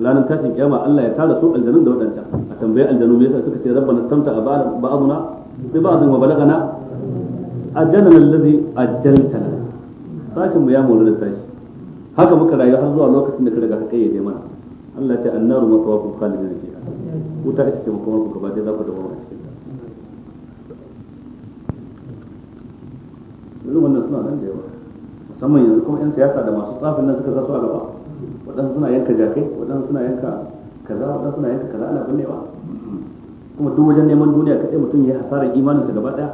ranar tashin kiyama Allah ya tara su aljanun da waɗanda a tambayi aljanu me yasa suka ce rabbana tamta a ba'duna bi ba'dhin wa balagana ajjalna allazi ajjaltana sashin mu ya mulu da sashi haka muka rayu har zuwa lokacin da ka riga ka kayyade mana Allah ta annaru matawakum khalidina fiha wuta ita ce makoma ku gaba ɗaya za ku dawo a cikin yanzu wannan suna nan da yawa musamman yanzu kuma 'yan siyasa da masu tsafin nan suka sa su a gaba waɗansu suna yanka jakai waɗansu suna yanka kaza waɗansu suna yanka kaza ana binnewa kuma duk wajen neman duniya kaɗai mutum ya imanin sa gaba ɗaya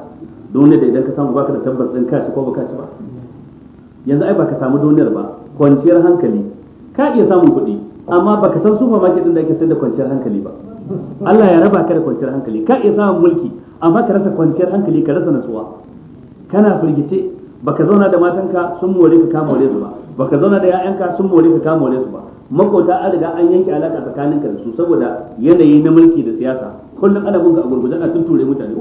duniya da idan ka samu baka da tabbas ɗin kaci ko baka ci ba yanzu ai baka samu duniyar ba kwanciyar hankali ka iya samun kuɗi amma baka san supermarket ɗin da ake sayar da kwanciyar hankali ba Allah ya raba ka da kwanciyar hankali ka iya samun mulki amma ka rasa kwanciyar hankali ka rasa nutsuwa kana firgice baka zauna da matanka sun more ka kama more su ba baka zauna da ƴaƴanka sun more ka ka more su ba makota an riga an yanke alaka tsakaninka da su saboda yanayi na mulki da siyasa kullum ana bunka a gurgurdan a tunture mutane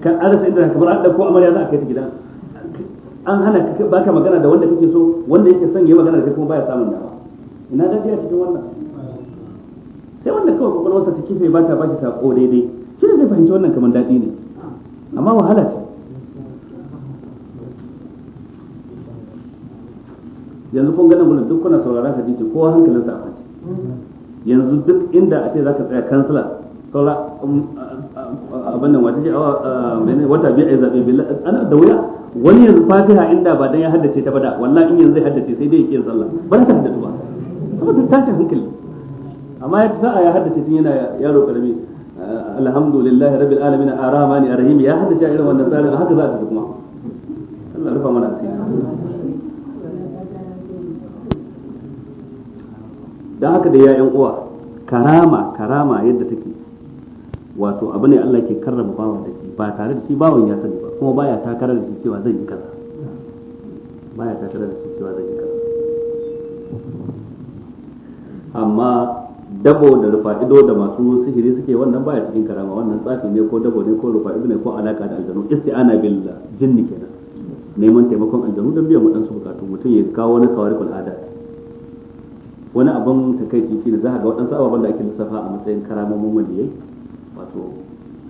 kan arasa inda kamar an ko amarya za a kai ta gida an hana ka baka magana da wanda kake so wanda yake son yi magana da kai kuma baya samun dama ina da dafiya cikin wannan sai wanda kawai kwakwalwarsa ta kife ba ta ba shi ko daidai shi ne zai fahimci wannan kamar daɗi ne amma wahala ce yanzu kun ganin gurin duk kuna sauraron hadisi kowa hankalinsa a kwanci yanzu duk inda a ce za ka tsaya kansila saura um, uh, abin nan wata ce uh, wata biya a zaɓe zaɓe ana da wuya wani yanzu fatiha inda ba dan ya haddace ta bada wallahi in yanzu zai haddace sai dai ya kiyan sallah ba ta haddace ba duk tashin hankali amma ya sa'a ya haddace tun yana yaro karami uh, alhamdulillahi rabbil alamin arhamani arhim ya haddace irin wannan tsarin haka za ta kuma Allah rufa mana asiri don haka da ya uwa karama karama yadda take wato abu ne Allah ke karrama bawan da shi ba tare da shi bawan ya sani ba kuma baya takara da shi cewa zan yi kaza baya takara da shi cewa zan yi kaza amma dabo da rufa'ido da masu sihiri suke wannan baya cikin karama wannan tsafi ne ko dabo ne ko rufa'ido ne ko alaka da aljanu isti'ana billah jinni kenan neman taimakon aljanu don biyan waɗansu bukatu mutum ya kawo wani kawarikul ada wani abin takaici shi da za ga waɗansu ababen da ake lissafa a matsayin karamomin waliyai wato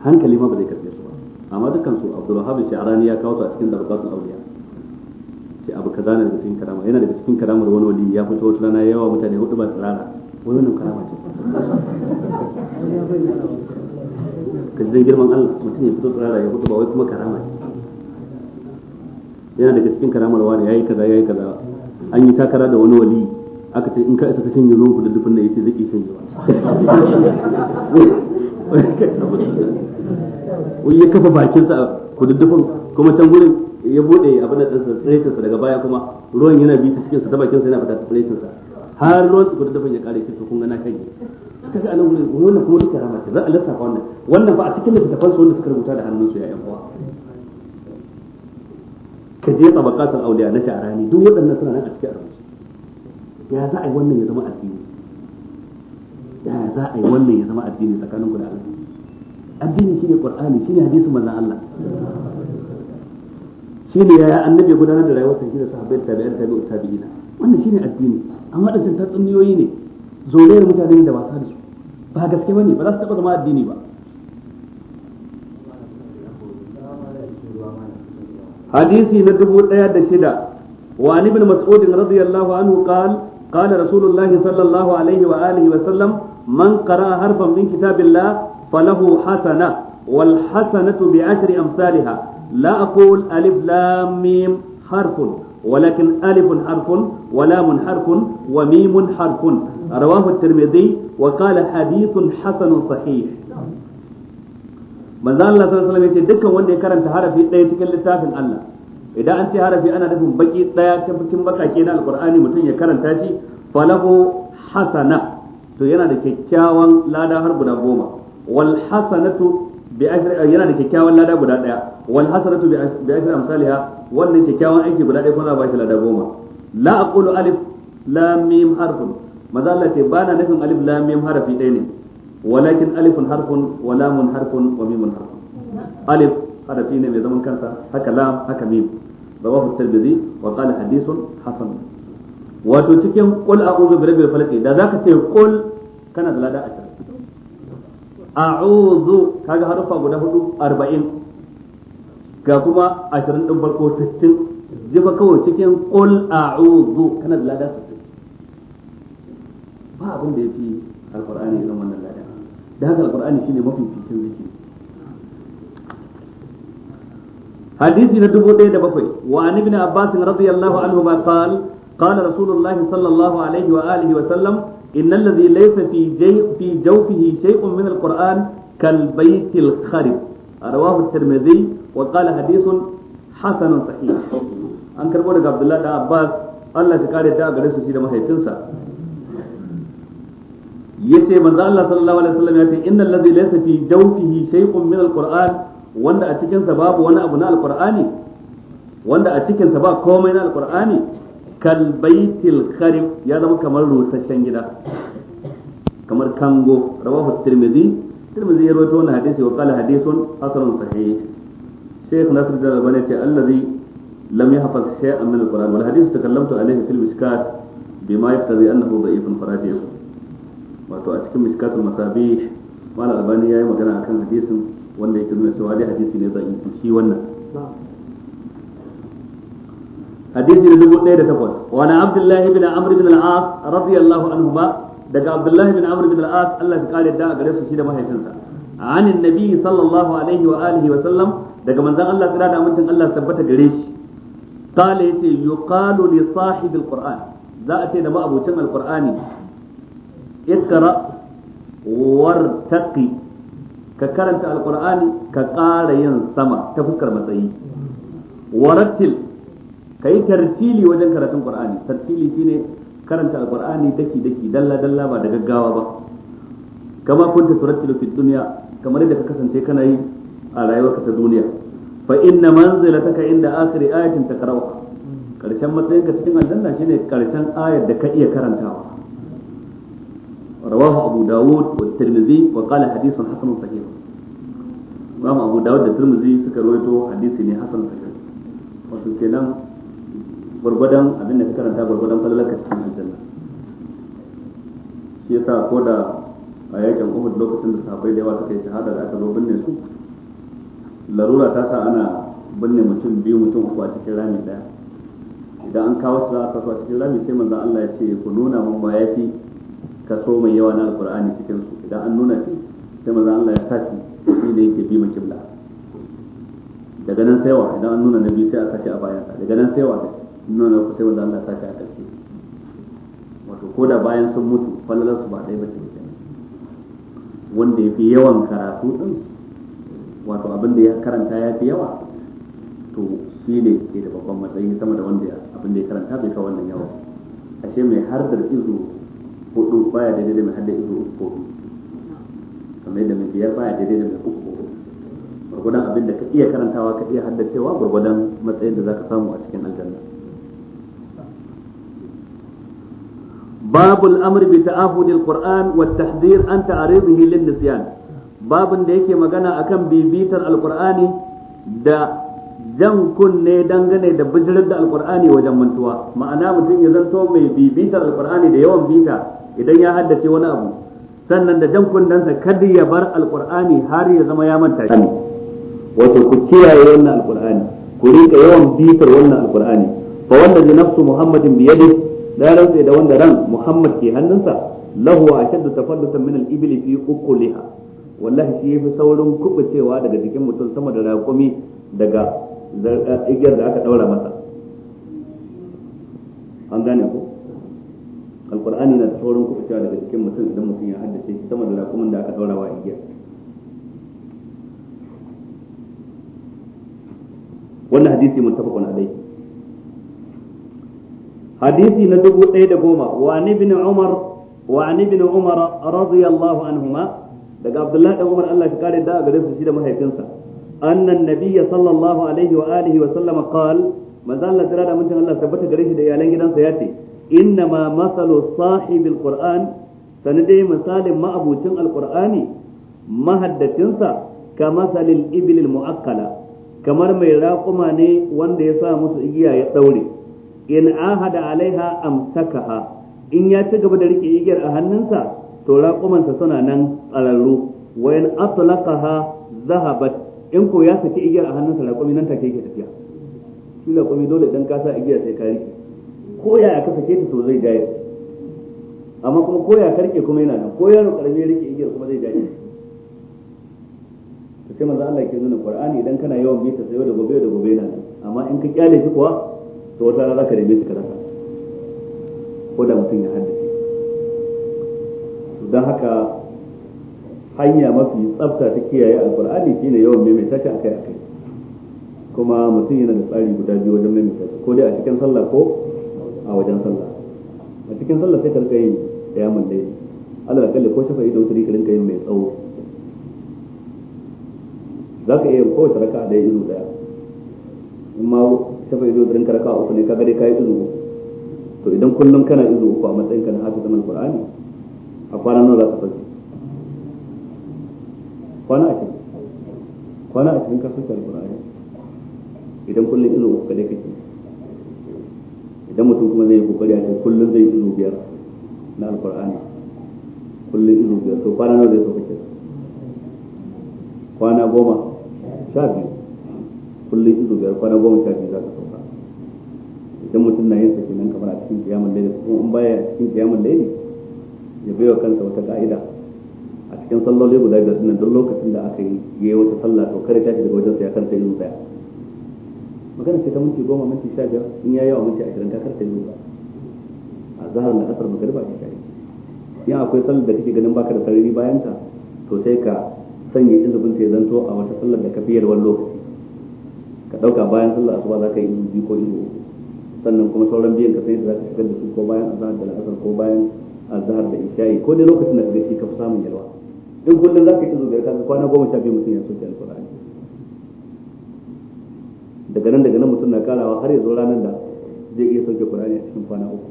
hankali ma ba zai karɓe su ba amma dukkan su abdulwahab sha'arani ya kawo su a cikin darqatul awliya Shi abu kaza ne daga cikin karama yana daga cikin karamar wani wali ya fito wata rana yawa mutane hudu ba tsirara wai wannan karama ce Ka kajin girman Allah mutum ya fito tsirara ya hudu ba wai kuma karama ce yana daga cikin karamar wani yi kaza ya yi kaza an yi takara da wani wali aka ce in ka isa ka shanye ruwan ku da dufin da yace zai iya shanye wai ya kafa bakinsa a kududdufin kuma can gurin ya bude abin da ɗansa tsiraitinsa daga baya kuma ruwan yana bi ta cikinsa ta bakinsa yana fita tsiraitinsa har ruwan su kududdufin ya kare cikin kun gana kan yi ta ga anan gurin wannan kuma duka rama ce za a lissafa wannan wannan ba a cikin littattafan su wanda suka rubuta da hannunsu ya yan uwa ka je tsabakatar auliya na sha'arani duk waɗannan suna nan a cikin ya za a yi wannan ya zama addini ya za a yi wannan ya zama addini tsakanin da Allah addini shine qur'ani shine hadisin manzon Allah shine ya annabi gudanar da rayuwar sa da sahabbai tabi'in tabi'u tabi'ina wannan shine addini amma da tatsuniyoyi ne zolayar mutane da ba da su ba gaske bane ba za su taba zama addini ba hadisi na dubu ɗaya da shida wa ibn mas'ud radiyallahu anhu kal. قال رسول الله صلى الله عليه وآله وسلم من قرأ حرفا من كتاب الله فله حسنة والحسنة بعشر أمثالها لا أقول ألف لام ميم حرف ولكن ألف حرف ولام حرف وميم حرف رواه الترمذي وقال حديث حسن صحيح manzo Allah sallallahu صلى الله عليه وسلم wanda ya أنت حرفي ɗaya cikin littafin idan an ce harafi ana nufin baki daya ta cikin bakake na alqur'ani mutum ya karanta shi falahu hasana to yana da kyakkyawan lada har guda goma wal hasanatu bi yana da kyakkyawan lada guda daya wal hasanatu bi ashri amsalha wannan kyakkyawan aiki guda daya kuma ba shi lada goma la aqulu alif lam mim harfun maza Allah ce bana nufin alif lam mim harafi ɗaya ne walakin alifun harfun wa lamun harfun wa mimun harfun alif harafi ne mai zaman kansa haka lam haka mim rawahu tirmidhi wa qala hadithun hasan wato cikin qul a'udhu bi rabbil falaq da zaka ce qul kana da lada a a'udhu kaga harufa guda hudu 40 ga kuma 20 din farko 60 jifa kawai cikin qul a'udhu kana da lada ba abin da yafi alqur'ani irin wannan lada da haka alqur'ani shine mafi fitin zikiri حديث ندبو دي دبقوي وعن ابن عباس رضي الله عنهما قال قال رسول الله صلى الله عليه وآله وسلم إن الذي ليس في جي في جوفه شيء من القرآن كالبيت الخرب رواه الترمذي وقال حديث حسن صحيح an karbo daga Abdullahi da Abbas Allah ya kare ta gare su shi da mahaifinsa yace manzo Allah sallallahu alaihi wasallam yace innal ladhi laysa fi jawfihi shay'un min alquran wanda a cikinsa sa babu wani abu na alqur'ani wanda a cikinsa ba komai na alqur'ani kal baitil kharib ya zama kamar rusasshen gida kamar kango rawahu tirmidhi tirmidhi ya rawaito wannan hadisi wa qala hadithun hasanun sahih shaykh nasir al-albani ce allazi lam yahfaz shay'an min al-qur'an wal hadith takallamtu alayhi fil mishkat bima yaqtadi annahu da'ifun farajih wato a cikin mishkatul masabih malam albani yayi magana akan hadisin wanda yake nuna cewa dai hadisi ne yi shi wannan hadisi dubu ɗaya da takwas wani abdullahi bin amr bin al'as radiyallahu anhu ba daga abdullahi bin amr bin al'as Allah ya kare da a gare su shi da mahaifinsa anin nabi sallallahu alaihi wa alihi wa sallam daga manzon Allah tsira da amincin Allah tabbata gare shi قال يتي يقال لصاحب القرآن ذا أتي دماء أبو تم القرآن اقرأ وارتقي ka karanta alqur'ani ka ƙara yin sama ta fuskar matsayi warattil ka yi tartili wajen karatun qur'ani tartili shine karanta alqur'ani daki daki dalla dalla ba da gaggawa ba kama kunta turattilu fid dunya kamar yadda ka kasance kana yi a rayuwarka ta duniya fa inna manzilataka inda akhir ayatin takra'uha karshen matsayinka cikin aljanna shine karshen ayar da ka iya karantawa رواه أبو داود والترمذي وقال حديث حسن صحيح إمام أبو داود والترمذي سكرويته حديث حسن صحيح wato kenan gwargwadon abinda ka karanta gwargwadon قال cikin aljanna shi yasa ko da a yakin lokacin da sahabbai da yawa suka yi shahada da aka zo binne su larura ta sa ana binne mutum biyu mutum uku a cikin rami daya idan an kawo su a kasuwa cikin rami sai Allah ya ce ku nuna mun ba kaso mai yawa na alkur'ani cikin su idan an nuna shi sai maza Allah ya sashi shi ne yake bi kibla daga nan wa idan an nuna na sai a sashi a bayan sa daga nan wa nuna na sai maza Allah ya sashi a ƙarshe wato ko da bayan sun mutu fallalar su ba dai ba ce wanda ya fi yawan karatu din wato abin da ya karanta ya fi yawa to shi ne ke da babban matsayi sama da wanda abin da ya karanta bai ka wannan yawa ashe mai har da izu hudu baya daidai da mai hada ido uku ko kamar yadda mai biyar baya daidai da mai uku ko gwargwadon abin da ka iya karantawa ka iya haddacewa gwargwadon matsayin da zaka samu a cikin aljanna babul amr bi ta'ahud alquran wa tahdhir an ta'ridihi lin nisyan babin da yake magana akan bibitar alqur'ani da jan kunne dangane da bijirar da alqur'ani wajen mantuwa ma'ana mutum ya zanto mai bibitar alqur'ani da yawan bita idan ya haddace wani abu sannan da jan kundansa kada ya bar alqur'ani har ya zama ya manta shi wato ku kiyaye wannan alqur'ani ku rika yawan bitar wannan alqur'ani fa wanda ji nafsu muhammadin biyadi da rantsa da wanda ran muhammad ke hannunsa lahu ashaddu tafallutan min al-ibli fi uquliha wallahi shi yafi saurin kubucewa daga jikin mutum sama da raƙumi daga igiyar da aka daura masa an gane ku alkur'ani na da saurin kuɓucewa daga cikin mutum idan mutum ya haddace shi sama da lakumin da aka daura wa igiya wannan hadisi muttafaqun alayhi hadisi na dubu ɗaya da goma wa ni bin umar wa an ibn umar radiyallahu anhuma daga abdullahi dan umar Allah ya kare da gare su shi da mahaifinsa annan nabiyya sallallahu alaihi wa alihi wa sallama qala manzo Allah tara mutum Allah tabbata gare shi da iyalan gidansa ya ce innama masalu sahibil qur'an sanadai misalin ma'abucin alqur'ani mahaddacinsa ka masalil ibilil mu'akkala kamar mai raƙuma ne wanda ya sa musu igiya ya ɗaure in ahada alaiha amsakaha in ya ci gaba da rike igiyar a hannunsa to raƙumansa suna nan tsararru wa in atlaqaha zahabat in ko ya saki igiyar a hannunsa raƙumi nan take yake tafiya shi raƙumi dole idan ka sa igiyar sai ka rike ko ya ka sake ta to zai jaye amma kuma ko ya karke kuma yana nan ko yaro karami rike igiyar kuma zai jaye to sai manzo Allah ke nuna Qur'ani idan kana yawan ta sai da gobe da gobe yana nan amma in ka kyale shi kuwa to wata rana zaka rebe shi ka rasa ko da mutum ya haddace don haka hanya mafi tsafta ta kiyaye alkur'ani shine yawan maimaita shi akai akai kuma mutum yana da tsari guda biyu wajen maimaita shi ko dai a cikin sallah ko a wajen sallah a cikin sallah sai karka yin kiyamun dai Allah kalle ko shafa da wuta ka rinka yin mai tsawo za ka iya kowace raka da izu daya in ma ido da wuturin raka uku ne kaga dai ka yi izu to idan kullum kana izu uku a matsayin ka na hafi zaman qur'ani a kwana nawa za ka sauke kwana a cikin kwana a cikin ka sauke alqur'ani idan kullum izu uku kadai kake idan mutum kuma zai yi kokari a ce kullum zai izu biyar na alkur'ani kullum izu biyar to kwana nawa zai sauka kenan kwana goma sha biyu kullum izu biyar kwana goma sha biyu za ka sauka idan mutum na yin sake nan kamar a cikin kiyamun laili kuma in baya a cikin kiyamun laili ya bai wa kansa wata ka'ida a cikin salloli guda biyar din don lokacin da aka yi yayi wata sallah to kare tashi daga wajen sa ya kanta yin daya magana ce ta minti goma minti sha biyar in ya yawa minti ashirin ta karta yi ba a zahar na kasar ba ta shari in akwai sallar da kake ganin baka da sarari bayan ta to sai ka sanya izubin ta ya zanto a wata sallar da ka fiye da wani lokaci ka ɗauka bayan sallar asuba za ka yi biyu ko izu sannan kuma sauran biyan ka sai da za ka shigar da su ko bayan azahar da la'asar ko bayan azahar da isha'i ko dai lokacin da ka gaci shi ka fi samun yalwa in kullum za ka yi izu biyar ka kwana goma sha biyu mutum ya soke alƙur'ani daga nan daga nan mutum na karawa har ya zo ranar da zai iya sauke Qur'ani a cikin kwana uku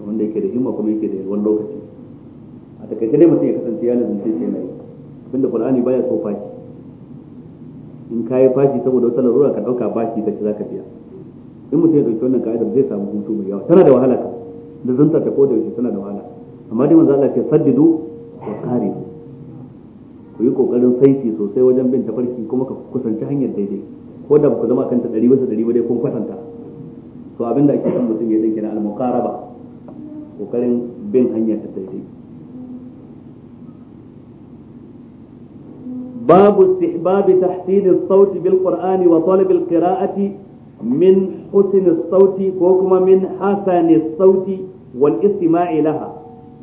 to wanda yake da himma kuma yake da yawan lokaci a takaice dai mutum ya kasance ya lazumce shi yana yi abinda Qur'ani baya so fashi in ka yi fashi saboda wata larura ka dauka bashi da shi zaka biya in mutum ya dauki wannan ka'idar zai samu hutu mai yawa tana da wahala ka da zanta ta ko da yaushe tana da wahala amma dai manzo Allah ya saddidu wa qaribu ku yi kokarin saiti sosai wajen bin tafarki kuma ka kusanci hanyar daidai ko da ku zama kanta ɗari bisa ɗari ba dai kun kwatanta to abin da ake son mutum ya dinga na al-muqaraba kokarin bin hanya ta daidai babu istihbab tahsin as-sauti bil qur'ani wa talab al min husn sauti ko kuma min hasani sauti wal istima'i laha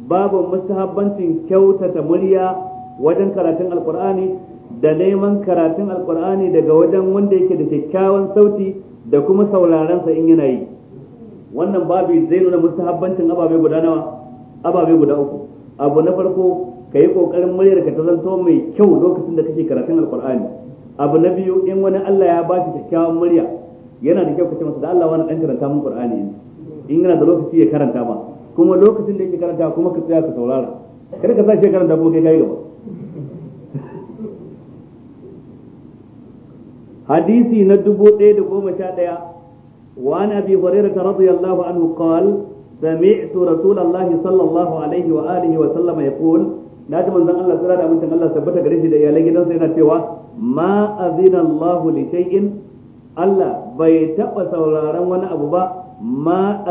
babu mustahabbancin kyautata murya wajen karatun alqur'ani da neman karatun alkur'ani daga wajen wanda yake da kyakkyawan sauti da kuma saurarensa in yana yi wannan babu zai nuna habbancin ababe guda nawa ababe guda uku abu na farko ka yi kokarin muryar ka ta zanto mai kyau lokacin da kake karatun alkur'ani abu na biyu in wani Allah ya ba shi kyakkyawan murya yana da kyau ka ce masa da Allah wani dan karanta mun qur'ani in yana da lokaci ya karanta ba kuma lokacin da yake karanta kuma ka tsaya ka saurara kada ka sa shi karanta kuma kai kai gaba hadisi na dubu ɗaya da goma sha ɗaya wa an abi hurairah radiyallahu anhu manzon Allah tsira da mutum Allah tabbata gare cewa ma azina Allah Allah bai taba sauraron wani abu ba ma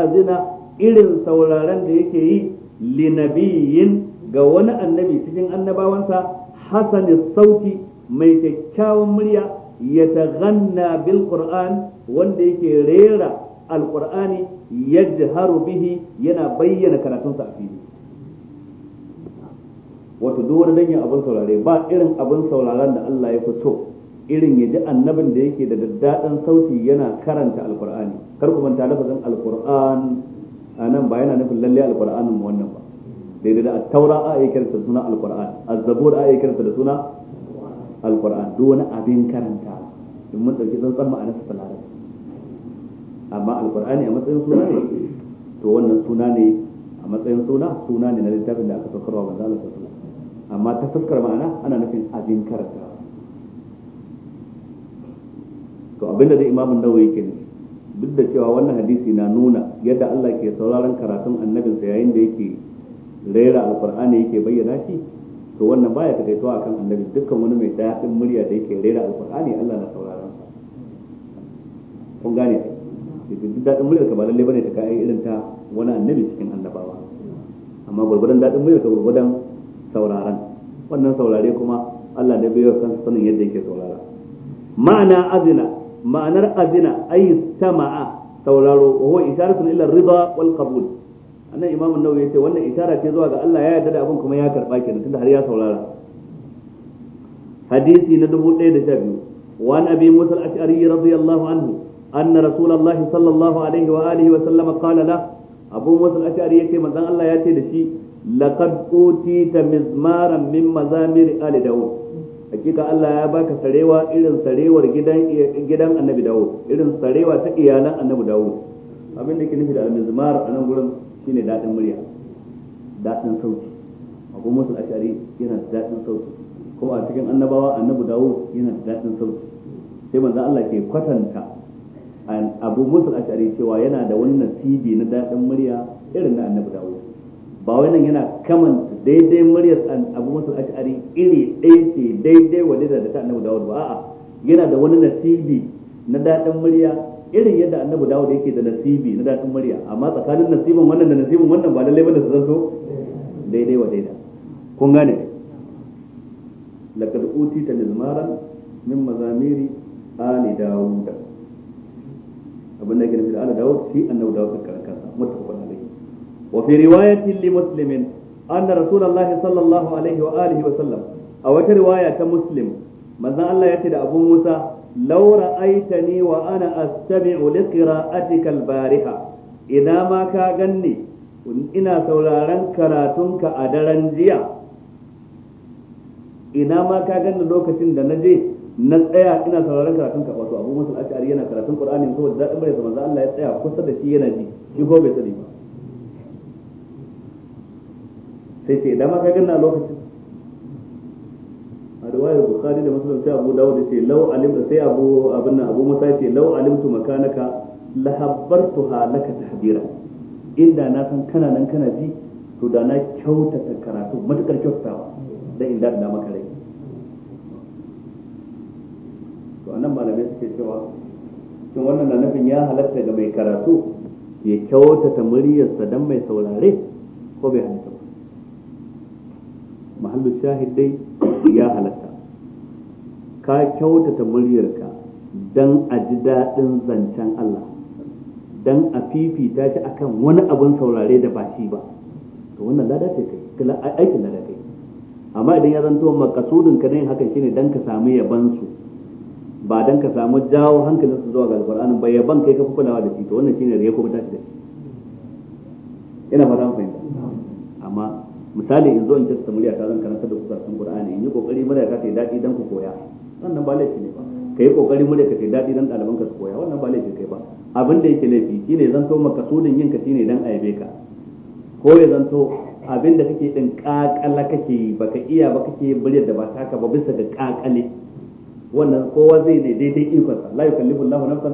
irin sauraron da yake yi ga wani annabi cikin annabawansa mai kyakkyawan murya yataghanna bil qur'an wanda yake rera qur'ani yajharu bihi yana bayyana karatunsa a fili wato duk wani danyen abin saurare ba irin abin sauraren da Allah ya fito irin ya ji annabin da yake da daddaɗan sauti yana karanta alkur'ani kar ku manta lafazin alkur'an a nan ba yana nufin lalle alkur'anin mu wannan ba daidai da taura a ya da suna alkur'an azzabur a da suna alkur'an duk wani abin karanta in mun dauki tsantsan ma'anar sa larabci amma alkur'ani a matsayin suna ne to wannan suna ne a matsayin suna suna ne na littafin da aka saukarwa wanda Allah sallallahu amma ta fuskar ma'ana ana nufin abin karanta to abinda da imamun nawawi yake ne duk da cewa wannan hadisi na nuna yadda Allah ke sauraron karatun annabinsa yayin da yake rera alkur'ani yake bayyana shi to wannan baya ta kaitowa akan annabi dukkan wani mai daɗin murya da yake rera alqur'ani Allah na sauraron sa kun gane duk daɗin murya ka ba lalle bane ta kai irin ta wani annabi cikin annabawa amma gurgurdan daɗin murya ka gurgurdan sauraron wannan saurare kuma Allah da bai san sanin yadda yake saurara ma'ana azina ma'anar azina ay sama'a sauraro wa huwa isharatu ila rida wal qabul annan imamu ya ce wannan isara ce zuwa ga Allah ya yarda da abin kuma ya karba kenan tunda har ya saurara hadisi na dubu biyu. wa an abi musa al-ash'ari radiyallahu anhu anna rasulullahi sallallahu alaihi wa alihi wa sallama qala la abu musa al-ash'ari yace manzon Allah ya ce da shi laqad utita mizmaran min mazamir ali dawud hakika Allah ya baka sarewa irin sarewar gidan gidan annabi dawud irin sarewa ta iyalan annabi dawud abin da ke nufi da al-mizmar a nan gurin shine daɗin murya dadin sauti abu musul ashari yana da dadin sauti ko a cikin annabawa annabu dawo yana da daɗin sauti sai manzo Allah ke kwatanta abu musul ashari cewa yana da wannan sibi na dadin murya irin na annabu dawo ba wani yana kaman daidai muryar abu musul ashari iri ɗaya ce daidai wadda da ta annabu dawo ba a'a yana da wani nasibi na dadin murya irin yadda annabi dawo da yake da nasibi na dakin murya amma tsakanin nasibin wannan da nasibin wannan ba lallai bane su zanto daidai wa daida kun gane laqad ta nizmara, min mazamiri ali dawud abin da yake nufi da ali dawud shi annabi dawud kan kansa muttafaqun alayhi wa fi riwayatin li muslimin anna rasulullahi sallallahu alaihi wa alihi wa sallam a wata riwaya ta muslim manzon Allah ya ce da Abu Musa law ra'aytani wa ana astami'u liqira'atika al-bariha ina ma ka ganni ina sauraron karatunka a daren jiya ina ma ka ganni lokacin da na je na tsaya ina sauraron karatun ka wato Abu Musa al-Ash'ari yana karatun Qur'ani saboda dadin bare manzo Allah ya tsaya kusa da shi yana ji shi ko bai sani ba sai ce idan ma ka ganna lokacin a riwayar bukhari da muslim sai abu dawud ce law alim sai abu abin nan abu musa ce law alimtu makanaka la habbartuha laka hadira. inda na san kana nan kana ji to da na kyautata karatu matukar kyautatawa da inda da maka rai to anan malamai suke cewa shin wannan na nufin ya halatta ga mai karatu ya kyautata muryarsa dan mai saurare ko bai halatta mahallu shahid dai ya halatta ka kyautata muryarka dan a ji daɗin zancen Allah dan a fifita shi akan wani abin saurare da ba shi ba to wannan lada ce kai kila aikin lada kai amma idan ya zanto makasudin ka ne hakan shine dan ka samu yaban su ba dan ka samu jawo hankalin su zuwa ga alqur'ani ba yaban kai ka fi kulawa da shi to wannan shine riya ko ta da shi ina fata fahimta amma misali in zo in testa murya ta zan karanta da ku karatun qur'ani in yi kokari murya ka ta yi daɗi dan ku koya wannan ba laifi ne ba ka yi kokari murya ka ta yi daɗi dan ɗaliban ka su koya wannan ba laifi kai ba abin da yake laifi shine zanto makasudin yin ka shine dan aibe ka ko ya zanto abin da kake din kakala kake baka iya ba kake muryar da ba taka ba bisa ga kakale wannan kowa zai ne daidai ikonsa la yukallifu Allahu nafsan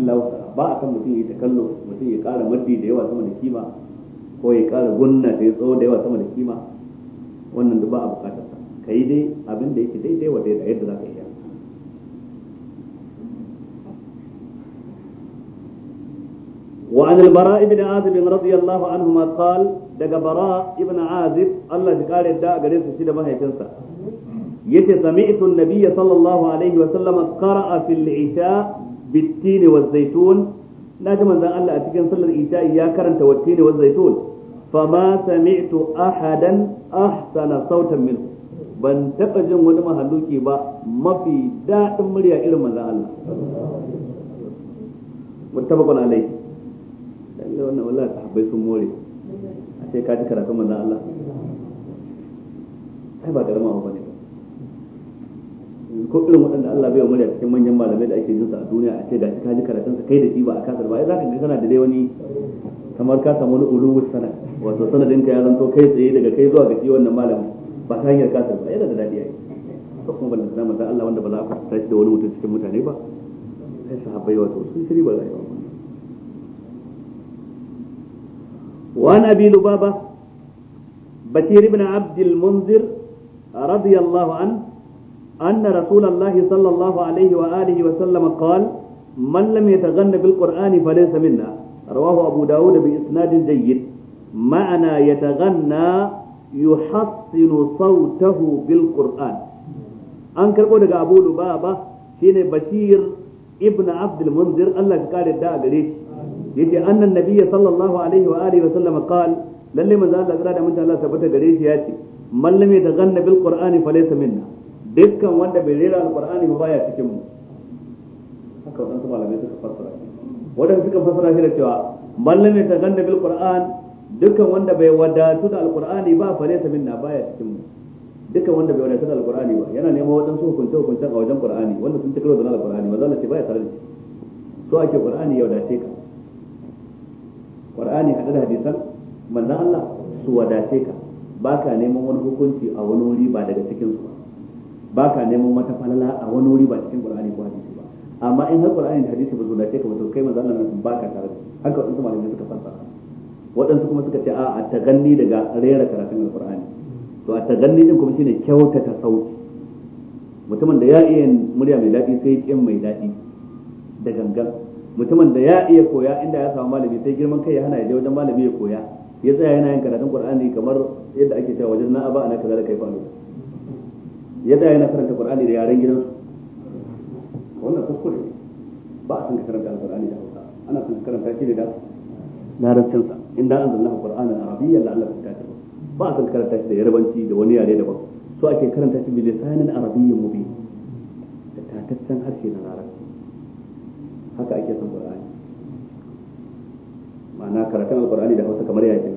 illa ba a kan mutum ya takallo mutum ya kara maddi da yawa sama da kima ko ya ƙara gunna da yi tsawo da yawa sama da kima wannan da ba a bukatar sa ka yi dai abin da yake daidai wa daidai yadda za ka iya وعن البراء بن عازب رضي الله عنهما قال daga bara ibn azib Allah ya kare da a su shi mahaifinsa yace sami'tu an-nabiyya sallallahu alaihi wa sallam qara'a fil isha bit-tin wa zaitun naji manzon Allah a cikin sallar isha ya karanta wat zaitun fama sami'tu ahadan ahsana sautan minhu ban taɓa jin wani mahalluki ba mafi daɗin murya irin manzon Allah mutabakon alai lalle wannan wallahi sahabbai sun more a sai ka ji karatun manzon Allah ai ba garma ba ne ko irin waɗanda Allah bai murya cikin manyan malamai da ake jinsa a duniya a ce gashi ka ji karatun sa kai da shi ba a kasar ba ai zaka ga kana da dai wani kamar ka samu wani uluwul sanad wato sanadin ka ya zanto kai tsaye daga kai zuwa ga shi nan malamin ba ta hanyar kasar ba yana da daɗi ai to kuma ban da da Allah wanda ba za a fata shi da wani mutum cikin mutane ba sai sahabbai wato sun shiri ba rayuwa وعن أبي لبابة بشير بن عبد المنذر رضي الله عنه أن رسول الله صلى الله عليه وآله وسلم قال من لم يتغن بالقرآن فليس منا رواه أبو داود بإسناد جيد معنى يتغنى يحسن صوته بالقرآن أنكر قولك أبو لبابة حين بشير ابن عبد المنذر الله قال الداء قريش يجي أن النبي صلى الله عليه وآله وسلم قال للي من ذلك أقرأ من الله ثبت قريش ياتي من لم يتغنى بالقرآن فليس منا دكا وانت بريرا القرآن فبايا تكمل haka waɗansu malamai suka fassara shi wadanda suka fasara shi da cewa mallam ta ganda bil qur'an dukkan wanda bai wadatu da alqur'ani ba fa laysa minna baya cikin mu dukkan wanda bai wadatu da alqur'ani ba yana neman wadansu hukunta hukunta a wajen qur'ani wanda sun tikiro da alqur'ani ba zalla ce baya tare da shi so ake qur'ani ya wadace ka qur'ani hada da hadisan manzon Allah su wadace ka baka neman wani hukunci a wani wuri ba daga cikin su ba ka neman wata falala a wani wuri ba cikin qur'ani ko hadisi amma in har qur'ani da hadisi ba su dace ka ba to kai manzo Allah nan ka tare da haka wadansu malamai suka fassara waɗansu kuma suka ce a a taganni daga rera karatun alqur'ani to a taganni din kuma shine kyautata sauti mutumin da ya iya murya mai daɗi sai kin mai daɗi da gangan mutumin da ya iya koya inda ya samu malami sai girman kai ya hana ya je wajen malami ya koya ya tsaya yana yin karatun qur'ani kamar yadda ake cewa wajen na'a ba ana kaza da kai fa'alu ya tsaya yana karanta qur'ani da yaren gidansu wannan kuskure ne ba a san ka karanta alkur'ani da hausa ana san ka karanta shi ne da larabcin sa in da anzalna alqur'ana Allah ta ta ba a san ka karanta shi da yarbanci da wani yare daban so ake karanta shi bil lisanin arabiyyin mubin da tataccen harshe na larabci haka ake san qur'ani ma'ana karatun alkur'ani da hausa kamar yake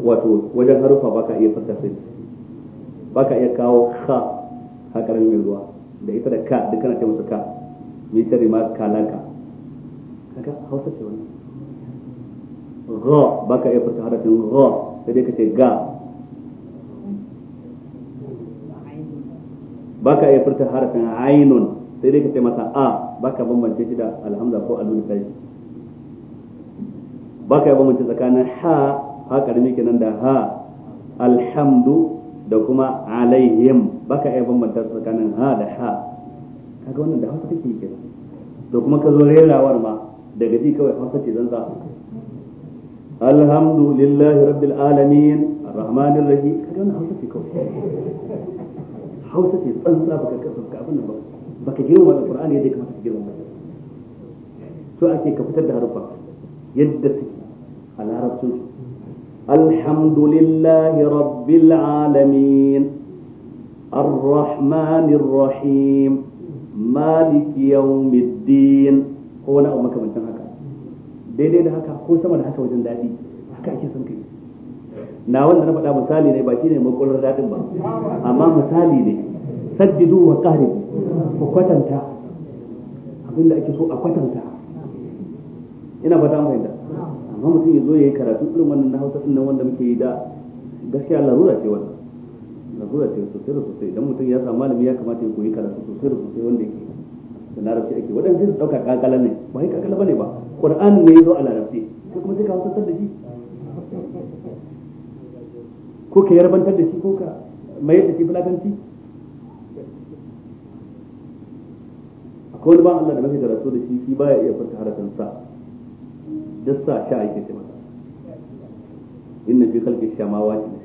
wato wajen harufa baka iya fasa sai baka iya kawo kha hakaran mai ruwa da ita da ka duk kana ce musu ka ni sharri ma kalaka kaga hausa ce wannan ra baka iya furta harafin ra sai dai kace ga baka iya furta harafin ainun sai dai kace masa a baka bambance shi da alhamza ko alun sai baka iya bambance tsakanin ha ha karimi kenan da ha alhamdu da kuma alaihim baka iya bambanta tsakanin ha da ha kaga wannan da hausa take kenan to kuma ka zo rerawar ma daga ji kawai hausa ce zan sa alhamdulillahi rabbil alamin arrahmanir rahim kaga wannan hausa ce kawai hausa ce tsantsa baka kasa ka abin nan ba baka girma da qur'ani yadda kamata ka girma so ake ka fitar da harufa yadda suke a larabcin alhamdulillahi rabbil alamin الرحمن الرحيم مالك يوم الدين هو انا امك من هكا daidai da haka ko sama da haka wajen daɗi haka ake son kai na wanda na faɗa misali ne ba shi ne makular daɗin ba amma misali ne saddidu wa kwatanta ake so a kwatanta ina fata mai da amma mutum ya zo ya yi karatu irin wannan na hausa ɗin nan wanda muke yi da gaskiya larura ce wannan zuwa ce sosai da sosai idan mutum ya samu malami ya kamata ya koyi karatu sosai da sosai wanda yake da larabci ake waɗanda zai ɗauka kakala ne ba yi kakala ne ba qur'ani ne zo a larabci ko kuma sai ka hausantar da shi ko ka yarbantar da shi ko ka mayar da shi fulatanci akwai wani ba Allah da mafi karatu da shi shi baya iya furta harafin sa dasa sha ake ce masa inna fi khalqi samawati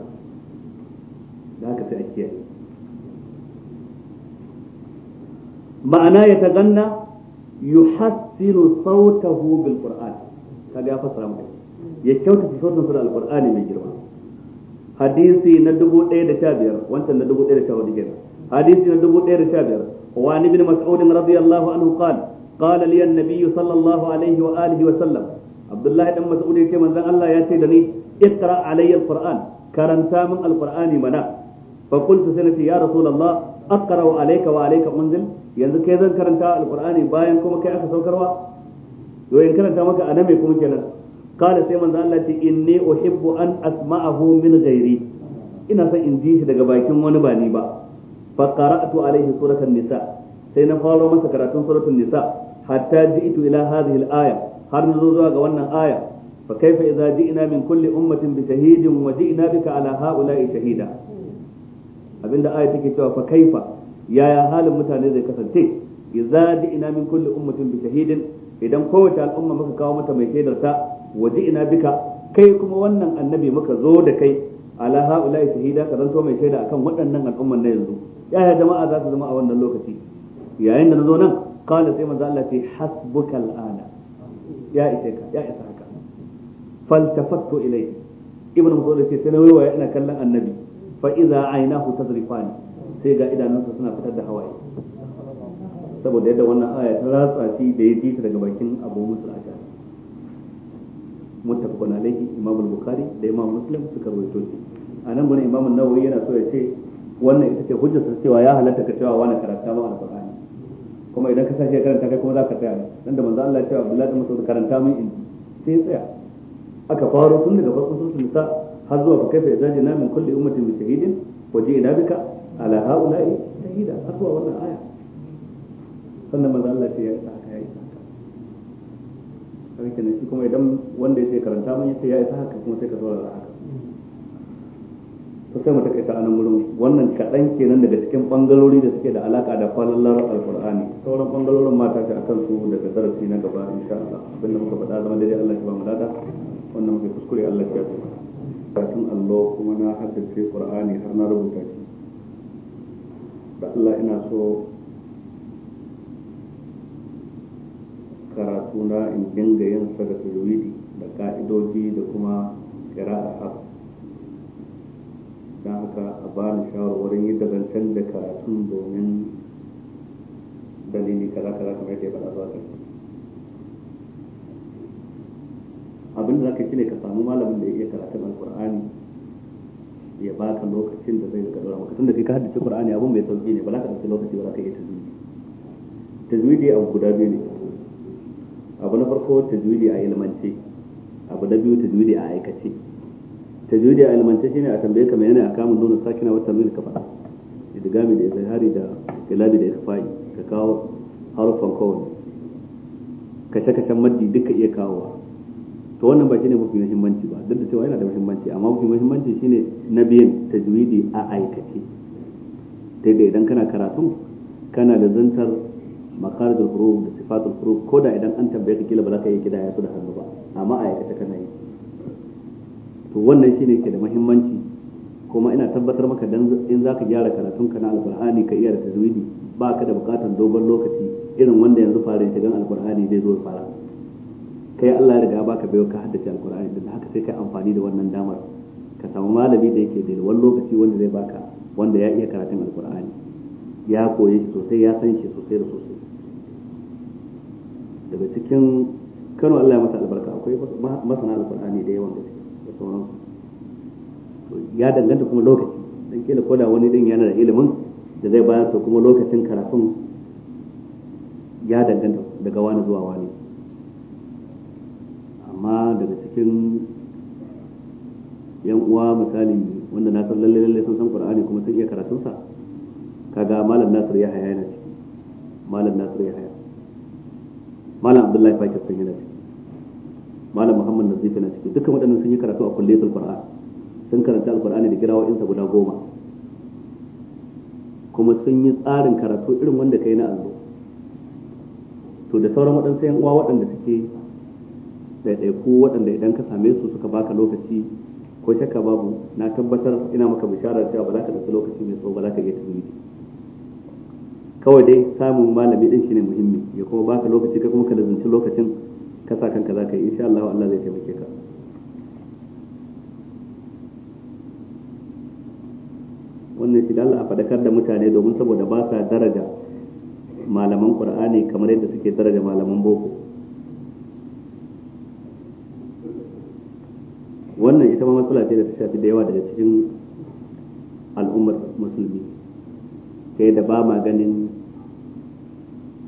da haka sai a kiyaye ma'ana ya taganna yuhassinu sautahu bil qur'an kaga ya fassara ya kyautata sautin sa alqur'ani mai girma hadisi na 1015 wancan na 1014 kenan hadisi na 1015 wa ni bin mas'ud radiyallahu anhu qala qala li an sallallahu alaihi wa wa sallam abdullah dan mas'ud yake manzon Allah ya ce da ni iqra alayya quran karanta min al mana fa qultu sai nace ya rasulullah aqra'u alayka wa yanzu kai zan karanta alqur'ani bayan kuma kai aka saukarwa to in karanta maka anan me kuma kenan qala sai manzo Allah ce inni uhibbu an asma'ahu min ghairi ina son in ji shi daga bakin wani ba ni ba fa qara'tu alayhi nisa sai na fara masa karatun suratul nisa hatta ji'tu ila hadhihi al-aya har na zo zuwa ga wannan aya fa kaifa idza ji'na min kulli ummatin bi shahidin wa ji'na bika ala ha'ula'i shahida abinda aya take cewa fa kaifa yaya halin mutane zai kasance idza ina min kulli ummatin bi shahidin idan kowace al'umma muka kawo mata mai shaidar ta waje ina bika kai kuma wannan annabi muka zo da kai ala haula'i shahida ka zanto mai shaida akan waɗannan al'umman na yanzu yaya jama'a za su zama a wannan lokaci yayin da nazo nan qala sai manzo Allah ce hasbuka al'ana ya ishe ka ya isa haka faltafattu ilayhi ibnu mas'ud sai na waiwaye ina kallon annabi fa iza aynahu tazrifan sai ga idanunsa suna fitar da hawaye saboda yadda wannan aya ta ratsa shi da ya ji ta daga bakin Abu Musa al-Ashari muttafaqun alayhi Imam al-Bukhari da Imam Muslim suka rawaito shi anan gurin Imam an-Nawawi yana so ya ce wannan ita ce hujjarsa cewa ya halatta ka cewa wani karanta ma al-Qur'ani kuma idan ka sashi karanta kai kuma za ka tsaya nan da manzo Allah ya ce Abdullahi da Mas'ud karanta mun in sai tsaya aka faro tun daga farko sun sa. har zuwa kai fa zaji na min kulli ummatin bi shahidin wa ina bika ala haula'i shahida har zuwa wannan aya sannan manzo Allah ya isa haka ya isa haka sai kenan shi kuma idan wanda yake karanta mun yace ya isa haka kuma sai ka da haka to sai mu takaita anan gurin wannan kadan kenan daga cikin bangalori da suke da alaka da falalar alqur'ani sauran bangalorin mata ta akan su daga darasi na gaba insha Allah abinda muka faɗa zama daidai Allah ya ba mu dada wannan muke kuskure Allah ya tsare karatun allo kuma na ce qur'ani har na rubuta shi da Allah ina so karatu na in dinga yin sa da tajwidi da ka'idoji da kuma qira'a har don haka a bani shawarwarin da zan da karatun domin dalili kaza kaza kamar yadda ya faɗa zuwa ƙarshe abin da zaka shine ka samu malamin da ya iya karatun alqur'ani ya baka lokacin da zai dora maka tunda kai ka haddace qur'ani abin mai sauki ne ba za ka dauki lokaci ba za ka iya tajwidi tajwidi abu guda biyu ne abu na farko tajwidi a ilmance abu na biyu tajwidi a aikace tajwidi a ilmance shine a tambaye ka menene akamun nuna sakina wata min ka faɗa idgami da izhari da ilabi da isfa'i ka kawo harufan kowanne kashe-kashen maddi duka iya kawowa to wannan ba shine mafi muhimmanci ba duk da cewa yana da muhimmanci amma mafi muhimmanci shine na biyan tajwidi a aikace sai da idan kana karatun kana da zantar da huruf da sifatul huruf ko da idan an tambaye ka kila ba za ka iya ya su da hannu ba amma a aikace kana yi to wannan shine ke da muhimmanci kuma ina tabbatar maka dan in zaka gyara karatun ka na alqur'ani ka iya da tajwidi ba ka da bukatar dogon lokaci irin wanda yanzu fara shigan alqur'ani zai zo fara kai Allah ya riga ya baka baiwa ka haddace alqur'ani da haka sai kai amfani da wannan damar ka samu malami da yake da wani lokaci wanda zai baka wanda ya iya karatun alqur'ani ya koye shi sosai ya san shi sosai da sosai daga cikin Kano Allah ya masa albarka akwai masana alqur'ani da yawan gaske da sauransu ya danganta kuma lokaci dan kila koda wani din yana da ilimin da zai bayar kuma lokacin karatun ya danganta daga wani zuwa wani amma daga cikin yan uwa misali wanda na san lalle lalle sun san qur'ani kuma sun iya karatun sa kaga malam nasir ya haya yana ciki malam nasir ya haya malam abdullahi fakir sun yana ciki malam muhammad nazif yana ciki dukkan waɗannan sun yi karatu a kulliyatul qur'an sun karanta alqur'ani da insa guda goma kuma sun yi tsarin karatu irin wanda kai na allo to da sauran waɗansu yan uwa waɗanda suke ɗaiɗaiku waɗanda idan ka same su suka baka lokaci ko shakka babu na tabbatar ina maka bisharar cewa ba za ka ɗauki lokaci mai tsawo ba za ka iya tafiyuki kawai dai samun malami ɗin shine muhimmi ya kuma baka lokaci ka kuma ka lazanci lokacin ka sa kanka za ka yi insha Allah Allah zai taimake ka wannan shi Allah a faɗakar da mutane domin saboda ba sa daraja malaman Qur'ani kamar yadda suke daraja malaman boko wannan ita ma matsala ce da ta shafi da yawa daga cikin al'ummar musulmi kai da ba ma ganin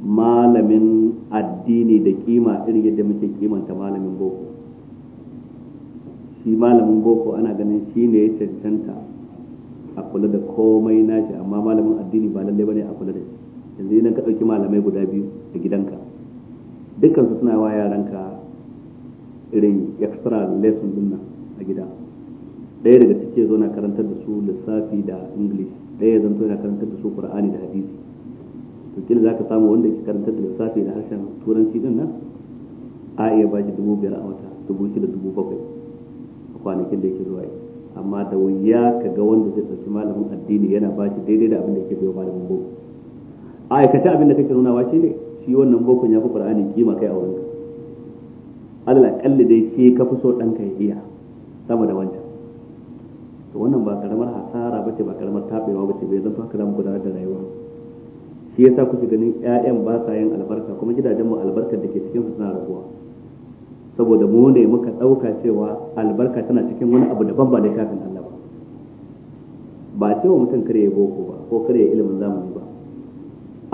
malamin addini da kima irin yadda muke kimanta malamin boko shi malamin boko ana ganin shi ne ya cancanta a kula da komai nashi amma malamin addini ba lallai bane a kula da shi yanzu idan ka ɗauki malamai guda biyu da gidanka dukkan su suna wa yaranka irin extra lesson din a gida ɗaya daga cike zo na karantar da su lissafi da english ɗaya zan zo na karantar da su qur'ani da hadisi to kila za ka samu wanda ke karantar da lissafi da harshen turanci din nan a iya ba shi dubu biyar a wata dubu shida dubu bakwai a kwanakin da yake zuwa yi amma da wuya ka ga wanda zai ɗauki malamin addini yana ba shi daidai da abin da yake biyo malamin boko a aikata abin da kake nunawa shi ne shi wannan bokon ya fi qur'ani kima kai a wurinka Allah kalli dai ke ka fi so ɗanka ya iya sama da wancan to wannan ba karamar hasara ba ce ba karamar tabewa ba ce bai zanto haka zamu gudanar da rayuwa shi yasa kuke ganin ƴaƴan ba sa yin albarka kuma gidajen mu albarkar da ke cikin su suna raguwa saboda mu ne muka ɗauka cewa albarka tana cikin wani abu daban ba da kafin Allah ba ba cewa mutum kare ya boko ba ko kare ya ilimin zamani ba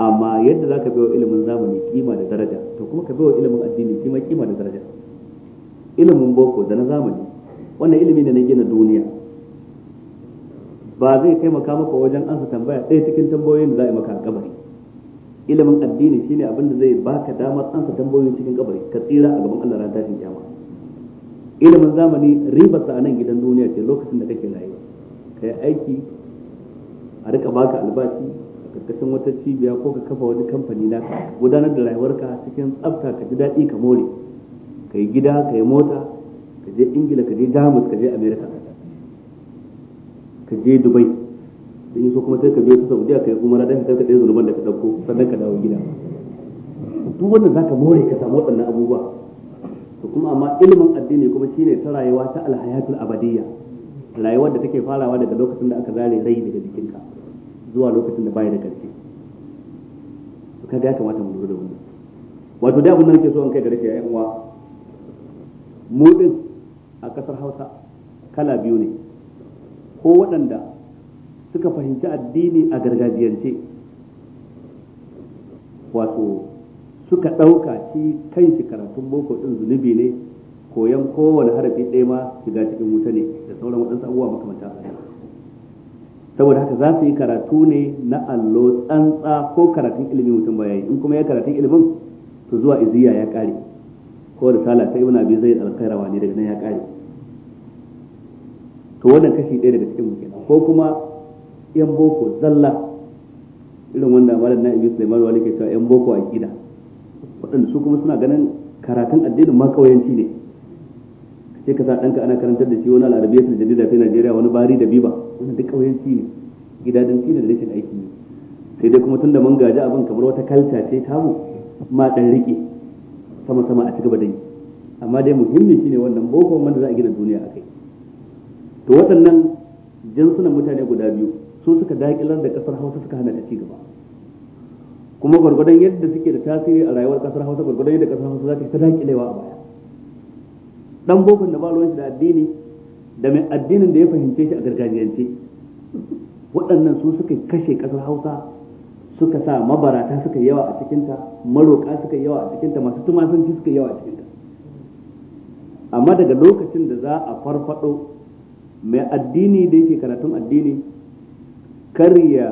amma yadda za ka biyo ilimin zamani kima da daraja to kuma ka biyo ilimin addini kima kima da daraja ilimin boko da na zamani wannan ilimi ne na gina duniya ba zai taimaka maka wajen ansa tambaya ɗaya cikin tambayoyin da za a yi maka ilimin addini shine abin da zai baka damar ansa tambayoyin cikin kabari ka tsira a gaban Allah ran tashin kiyama ilimin zamani ribar sa a nan gidan duniya ce lokacin da kake rayuwa kai aiki a rika baka albashi a karkashin wata cibiya ko ka kafa wani kamfani na gudanar da rayuwarka cikin tsafta ka ji daɗi ka more ka yi gida ka yi mota ka je ingila ka je jamus ka je america ka je dubai da so kuma sai ka biyo ta saudiya ka yi umara dan ka ɗaya zunuban da ka ɗauko sannan ka dawo gida duk wannan zaka more ka samu waɗannan abubuwa to kuma amma ilimin addini kuma shine ta rayuwa ta alhayatul abadiyya rayuwar da take farawa daga lokacin da aka zare rai daga jikinka zuwa lokacin da bai da ƙarfi to kaga ya kamata mu lura da wannan wato da abin da nake so an kai da shi ya uwa mu din a kasar hausa kala biyu ne ko waɗanda suka fahimci addini a gargajiyance wato suka ɗauka shi kan shi karatun boko ɗin zunubi ne koyon kowane harafi ɗaya ma shiga cikin wuta ne da sauran waɗansu abubuwa makamanta saboda haka za su yi karatu ne na allo tsantsa ko karatun ilimin mutum baya in kuma ya karatun ilimin to zuwa iziya ya ƙare ko risala ta ibn abi zaid al-qayrawani daga nan ya kare to wannan kashi ɗaya daga cikin kenan ko kuma yan boko zalla irin wanda malam na sulaiman wani ke cewa yan boko a gida waɗanda su kuma suna ganin karatun addinin ma kawayanci ne sai ka sa ɗanka ana karantar da shi wani al'arabiyyar da jadida ta najeriya wani bari da biba wannan duk kawayanci ne gidajen cinin rashin aiki ne sai dai kuma tun da mun gaji abin kamar wata kalta ce tamu ma ɗan rike sama sama a cigaba da yi amma dai muhimmi shine wannan boko wanda za a gina duniya a kai. to waɗannan jinsunan mutane guda biyu su suka daƙilar da ƙasar hausa suka hana ta cigaba kuma gwargwadon yadda suke da tasiri a rayuwar ƙasar hausa gwargwadon yadda ƙasar hausa za ta ta daƙilewa a baya dan bokon da ba ruwan shi da addini da mai addinin da ya fahimce shi a gargajiyance waɗannan su suka kashe ƙasar hausa suka sa mabarata suka yawa a cikinta maroƙa suka yawa a cikinta masu tumasanci suka yawa a cikinta amma daga lokacin da za a farfado mai addini da yake karatun addini karya ya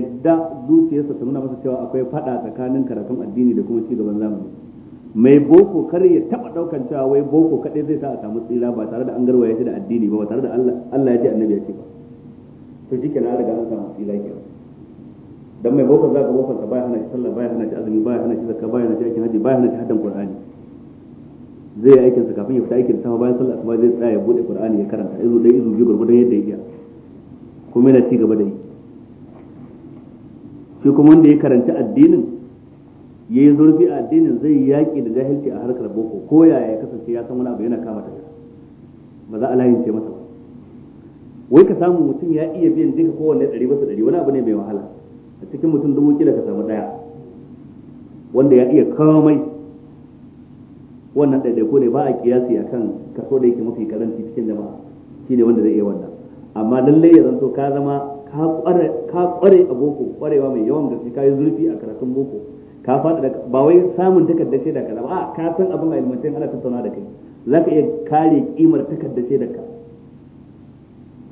yadda zuciyarsa ta nuna masa cewa akwai fada tsakanin karatun addini da kuma cigaban zamani mai boko kar ya taba daukan cewa wai boko kadai zai sa a samu tsira ba tare da an garwaya shi da addini ba ba tare da Allah Allah ya ce annabi ya ce ba to shikenan an riga an samu tsira kenan dan mai bokon zaka bokon ka baya hana shi sallah baya hana shi azumi baya hana shi zakka baya hana shi aikin haji baya hana shi haddan qur'ani zai yi sa kafin ya fita aikin sama bayan sallah kuma zai tsaya ya bude qur'ani ya karanta izu dai izu biyu gurgurdan yadda ya iya kuma yana ci gaba da yi shi kuma wanda ya karanta addinin ya yi zurfi a addinin zai yaƙi da jahilci a harkar boko ko yaya ya kasance ya san wani abu yana kama tafiya ba za a layin ce masa ba wai ka samu mutum ya iya biyan duka kowanne ɗari su ɗari wani abu ne mai wahala cikin mutum dubu kila ka samu daya wanda ya iya komai wannan ɗaiɗaiko ne ba a kiyasi akan kaso da yake mafi karanci cikin jama'a shine wanda zai iya wannan amma lalle ya zanto ka zama ka kware a boko kwarewa mai yawan gaske ka yi zurfi a karatun boko ka fada ba wai samun takardar shaida ka ba a ka san abin a ilmantin ana tattauna da kai ka iya kare kimar takardar shaidar ka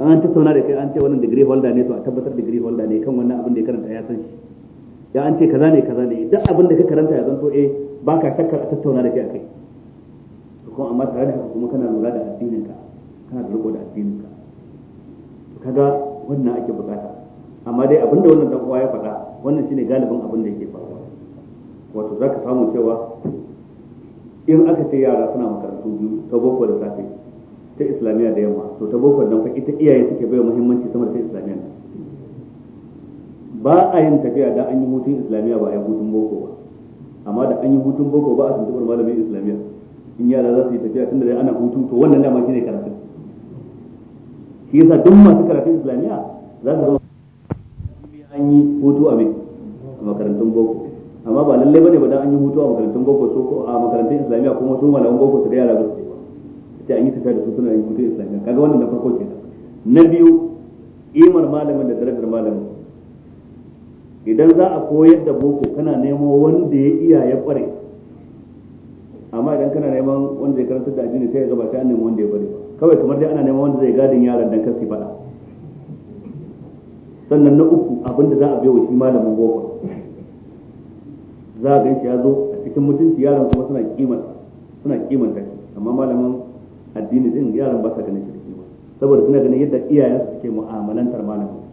an tattauna da kai an ce wannan degree holder ne to a tabbatar degree holder ne kan wannan abin da ya karanta ya san shi ya an ce kaza ne kaza ne duk abin da ka karanta ya zanto eh baka shakkar a tattauna da kai kai to kuma amma tare da kuma kana lura da addinin ka kana da riko da addinin ka to kaga wannan ake bukata amma dai abinda wannan dan uwa ya faɗa wannan shine galibin abin da yake faruwa wato zaka samu cewa in aka ce yara suna makarantu biyu ta boko da safe ta islamiyya da yamma to ta boko dan fa ita iyaye suke bai muhimmanci sama da islamiyya ba a yin tafiya da an yi hutun islamiyya ba a yi hutun boko ba amma da an yi hutun boko ba a tuntuɓar malamin islamiyya in yara za su yi tafiya tunda dai ana hutu to wannan dama shine karatu shi yasa duk masu karatun islamiyya za su zama an yi hutu a mai a makarantun boko amma ba lallai bane ba dan an yi hutu a makarantun boko so ko a makarantun islamiyya kuma su malaman boko su da yara ba su sai an yi tafiya da su suna yin kutu islamiyya kaga wannan na farko kenan na biyu imar malamin da darajar malamin idan za a koyar da boko kana nemo wanda ya iya ya kware amma idan kana neman wanda ya karanta da ajini sai ya gabata an nemi wanda ya kware kawai kamar dai ana neman wanda zai gadin yaran dan kasi fada sannan na uku abinda za a biyo wa shi malamin boko za a gan shi ya zo a cikin mutunci yaran kuma suna kimanta suna kimanta amma malamin addini din yaran ba sa ganin shirki ba saboda suna ganin yadda su suke mu'amalantar malamin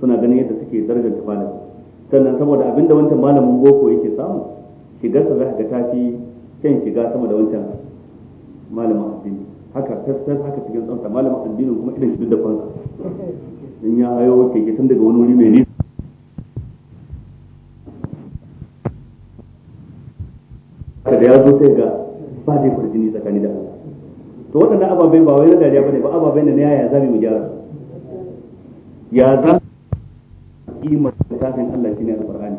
suna ganin yadda suke darajar malamin sannan saboda abinda wancan malamin boko yake samu shigarsa za ka ga tafi kyan shiga sama da wancan malamin addini haka tattas haka cikin tsamta malamin addinin kuma irin shi da kwansa in ya hayo keke tun daga wani wuri mai nisa ba zai farjini tsakani da Allah to waɗannan ababai ba wai na dariya bane ba ababai ne na yaya zamu mu gyara ya za kima tafin Allah shine alqur'ani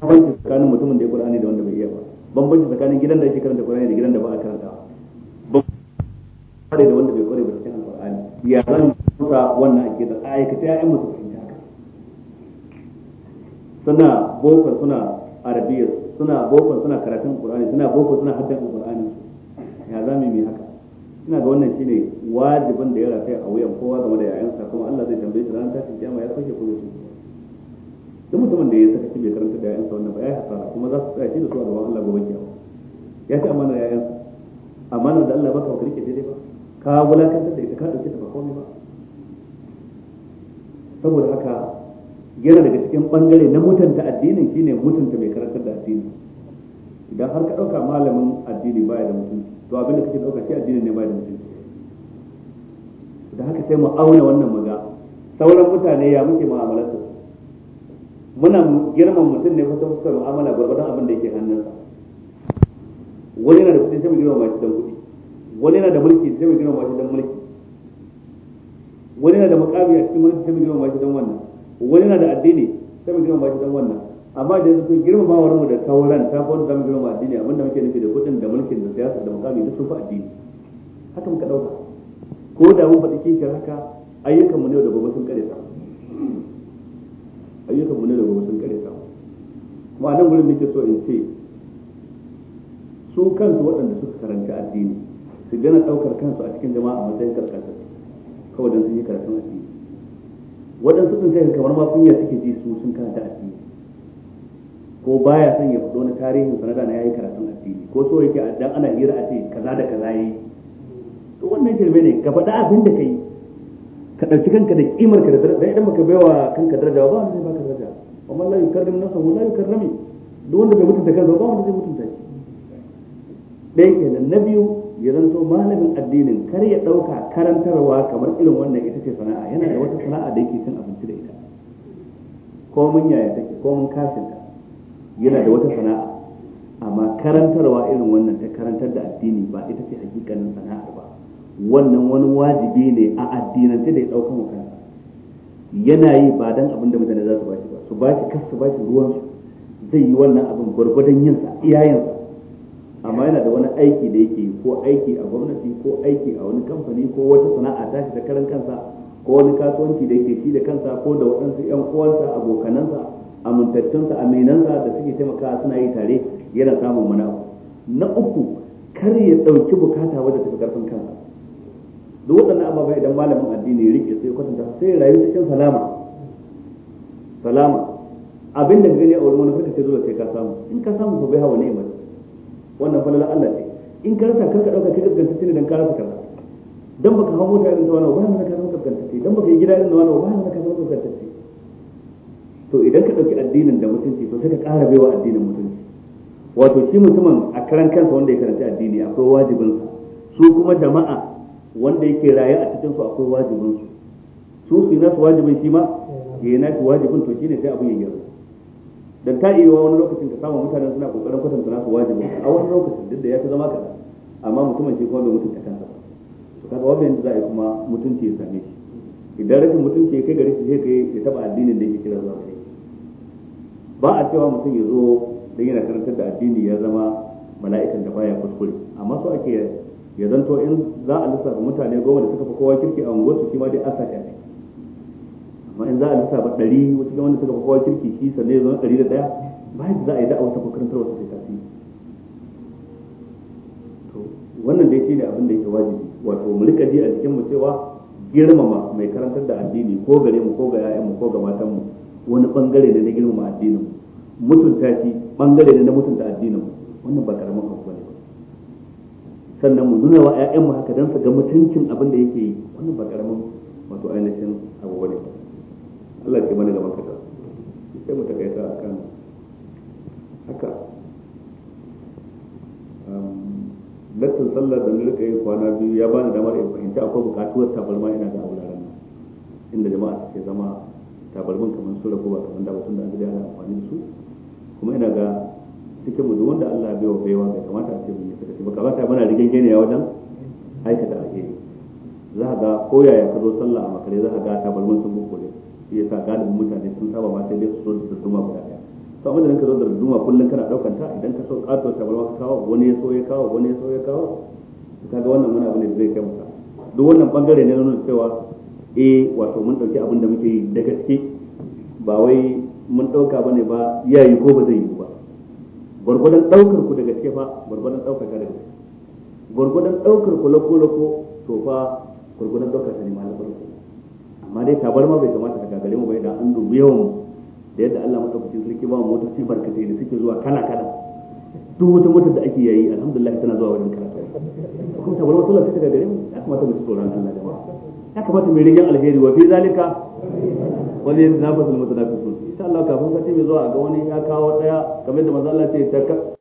bambanci tsakanin mutumin da ya qur'ani da wanda bai iya ba bambanci tsakanin gidan da yake karanta qur'ani da gidan da ba a karanta ba da wanda bai kware ba cikin alqur'ani ya zan kusa wannan ake da aikata ya'yan mutum suna bokar suna arabiyyar suna boko suna karatun qur'ani suna boko suna haddan qur'ani ya zame mai haka ina ga wannan shine wajibin da ya rafe a wuyan kowa game da sa kuma Allah zai tambaye shi ta tashin kiyama ya sake ko shi duk mutumin da ya saka shi karanta da sa wannan ba ya hasara kuma za su tsaya shi da su a gaban Allah gobe kiyama ya ce amana sa amana da Allah baka ka rike daidai ba ka wulakantar da ita ka dauke ta ba komai ba saboda haka yana daga cikin bangare na mutunta addinin shine mutunta mai karantar da addini idan har ka dauka malamin addini baya da mutunci to abin da kake dauka shi addinin ne baya da mutunci da haka sai mu auna wannan maga sauran mutane ya muke mu'amalarsa muna girman mutum ne kusa fuskar mu'amala gwargwadon abin da yake hannunsa wani yana da kudi sai mu girma shi dan kuɗi wani yana da mulki sai mu girma shi dan mulki wani yana da muƙami a cikin mulki sai mu girma shi dan wannan wani na da addini sai mu girmama shi dan wannan amma da yanzu girmamawar mu da tauran ta fi wanda girma girmama addini abin da muke nufi da kudin da mulkin da siyasa da mukami duk sun fi addini haka muka dauka ko da mun faɗi kishiyar haka ayyukan mu ne da gobe sun kare ta ayyukan mu ne da gobe sun kare ta kuma a nan gurin nake so in ce su kansu waɗanda suka karanta addini su gana ɗaukar kansu a cikin jama'a a matsayin karkatar kawai don sun yi karatun addini waɗansu sun kai kamar ma kunya suke ji su sun karanta addini ko baya son ya fito na tarihin sanada na yayi karatun addini ko so yake addan ana hira a ce kaza da kaza yayi to wannan girme ne ka faɗa abin da kai ka ɗauki kanka da kimar ka da daraja idan baka baiwa kanka daraja ba wanda zai baka daraja amma la na nafsahu la yukarrami duk wanda bai mutunta kansa ba wanda zai mutunta shi dai kenan na biyu ya zanto malamin addinin kar ya dauka karantarwa kamar irin wannan ita ce sana'a yana da wata sana'a da yake cin abinci da ita ko mun yaya take ko mun kafinta yana da wata sana'a amma karantarwa irin wannan ta karantar da addini ba ita ce hakikanin sana'ar ba wannan wani wajibi ne a addinance da ya dauka mu kansa yana yi ba dan abin da mutane za su bashi ba su bashi kasu su shi ruwan zai yi wannan abin gwargwadon yinsa iyayensa amma yana da wani aiki da yake ko aiki a gwamnati ko aiki a wani kamfani ko wata sana'a ta shi da karan kansa ko wani kasuwanci da yake shi da kansa ko da waɗansu yan uwansa abokanansa amintattunsa aminansa da suke taimakawa suna yi tare yana samun mana na uku kar ya ɗauki bukata wadda fi karfin kansa duk waɗannan ababai idan malamin addini ya rike sai kwatanta sai rayu cikin salama salama abin da gani a wurin wani kuka sai zuwa sai ka samu in ka samu ba bai hawa mace. wannan falalar Allah ce in ka rasa karka dauka kai gaskantacce ne dan ka rasa kaza dan baka hawo mota irin wannan ba na ka zama gaskantacce dan baka yi gida irin wannan ba na ka zama gaskantacce to idan ka dauki addinin da mutunci to sai ka ƙara baiwa addinin mutunci wato shi mutumin a karan kansa wanda ya karanta addini akwai sa su kuma jama'a wanda yake raye a cikin su akwai wajibinsu su su yi nasu wajibin shi ma yana yi nasu wajibin to shine sai abin ya girma da ta iya wani lokacin ka samu mutanen suna kokarin kwatanta nasu wajibi a wani lokacin duk da ya ta zama kaza amma mutumin shi kuma bai mutunta kansa ba to kaga wannan za a yi kuma mutunci ya same shi idan rashin mutunci ya kai gari shi sai kai ya taba addinin da yake kira zuwa kai ba a cewa mutum ya zo dan yana karantar da addini ya zama mala'ikan da baya kuskure amma so ake ya zanto in za a lissafa mutane goma da suka fi kowa kirki a unguwarsu shi ma dai an sa amma in za a lissafa ɗari wata gama wanda suka kowa kirki shi sannan ya zama ɗari da ɗaya bayan za a yi da'awar ta karantar wasu sai tasiri to wannan dai shi ne abin da yake wajibi wato mu rika ji a cikin mu cewa girmama mai karantar da addini ko gare mu ko ga yayan mu ko ga matan mu wani bangare ne na girmama addinin mutunta shi bangare ne na mutunta addinin wannan ba karamin abu bane ba sannan mu nuna wa ƴaƴan mu haka dan su ga mutuncin abin da yake yi wannan ba karamin wato ainihin Allah ke mana gaban kasa sai mu takaita akan haka lattin sallar da na rika yin kwana biyu ya bani damar in fahimci akwai bukatuwar tabarma ina da aula rana inda jama'a suke zama tabarmin kamar su rabu ba kamar da mutum da an ana amfani da su kuma ina ga cikin mu wanda Allah ya wa baiwa bai kamata a ce mun yi sakaci ba kamata muna ya wajen aikata alheri za a ga ko yaya ka zo sallah a makare za ka ga tabarmin sun bukule shi yasa galibin mutane sun saba ma sai dai su so da duma guda daya to abin da nan ka zo da duma kullum kana ɗaukan ta idan ka so kato tabarma ka kawo wani ya so ya kawo wani ya so ya kawo ga wannan wani abu ne da zai kai musa duk wannan bangare ne na nuna cewa eh wato mun dauki abin da muke yi da gaske ba wai mun dauka bane ba yayi ko ba zai yi ba gwargwadon daukar ku da gaske fa gwargwadon daukar ka da gaske gwargwadon daukar ku lako lako to fa gwargwadon daukar ta ne malamin amma dai tabar ma bai kamata ka gagare mu ba da an dubi yawan mu da yadda Allah madaukakin sarki ba mu motoci barkatai da suke zuwa kana kana duk wata mota da ake yayi alhamdulillah tana zuwa wajen karatu kuma tabar ma sallah sai ta gagare mu ya kamata mu ci tsoron Allah ba ya kamata mu rigan alheri wa fi zalika na yatanafasul mutanafisun ita Allah kafin sati mai zuwa ga wani ya kawo daya kamar yadda manzo Allah ce ta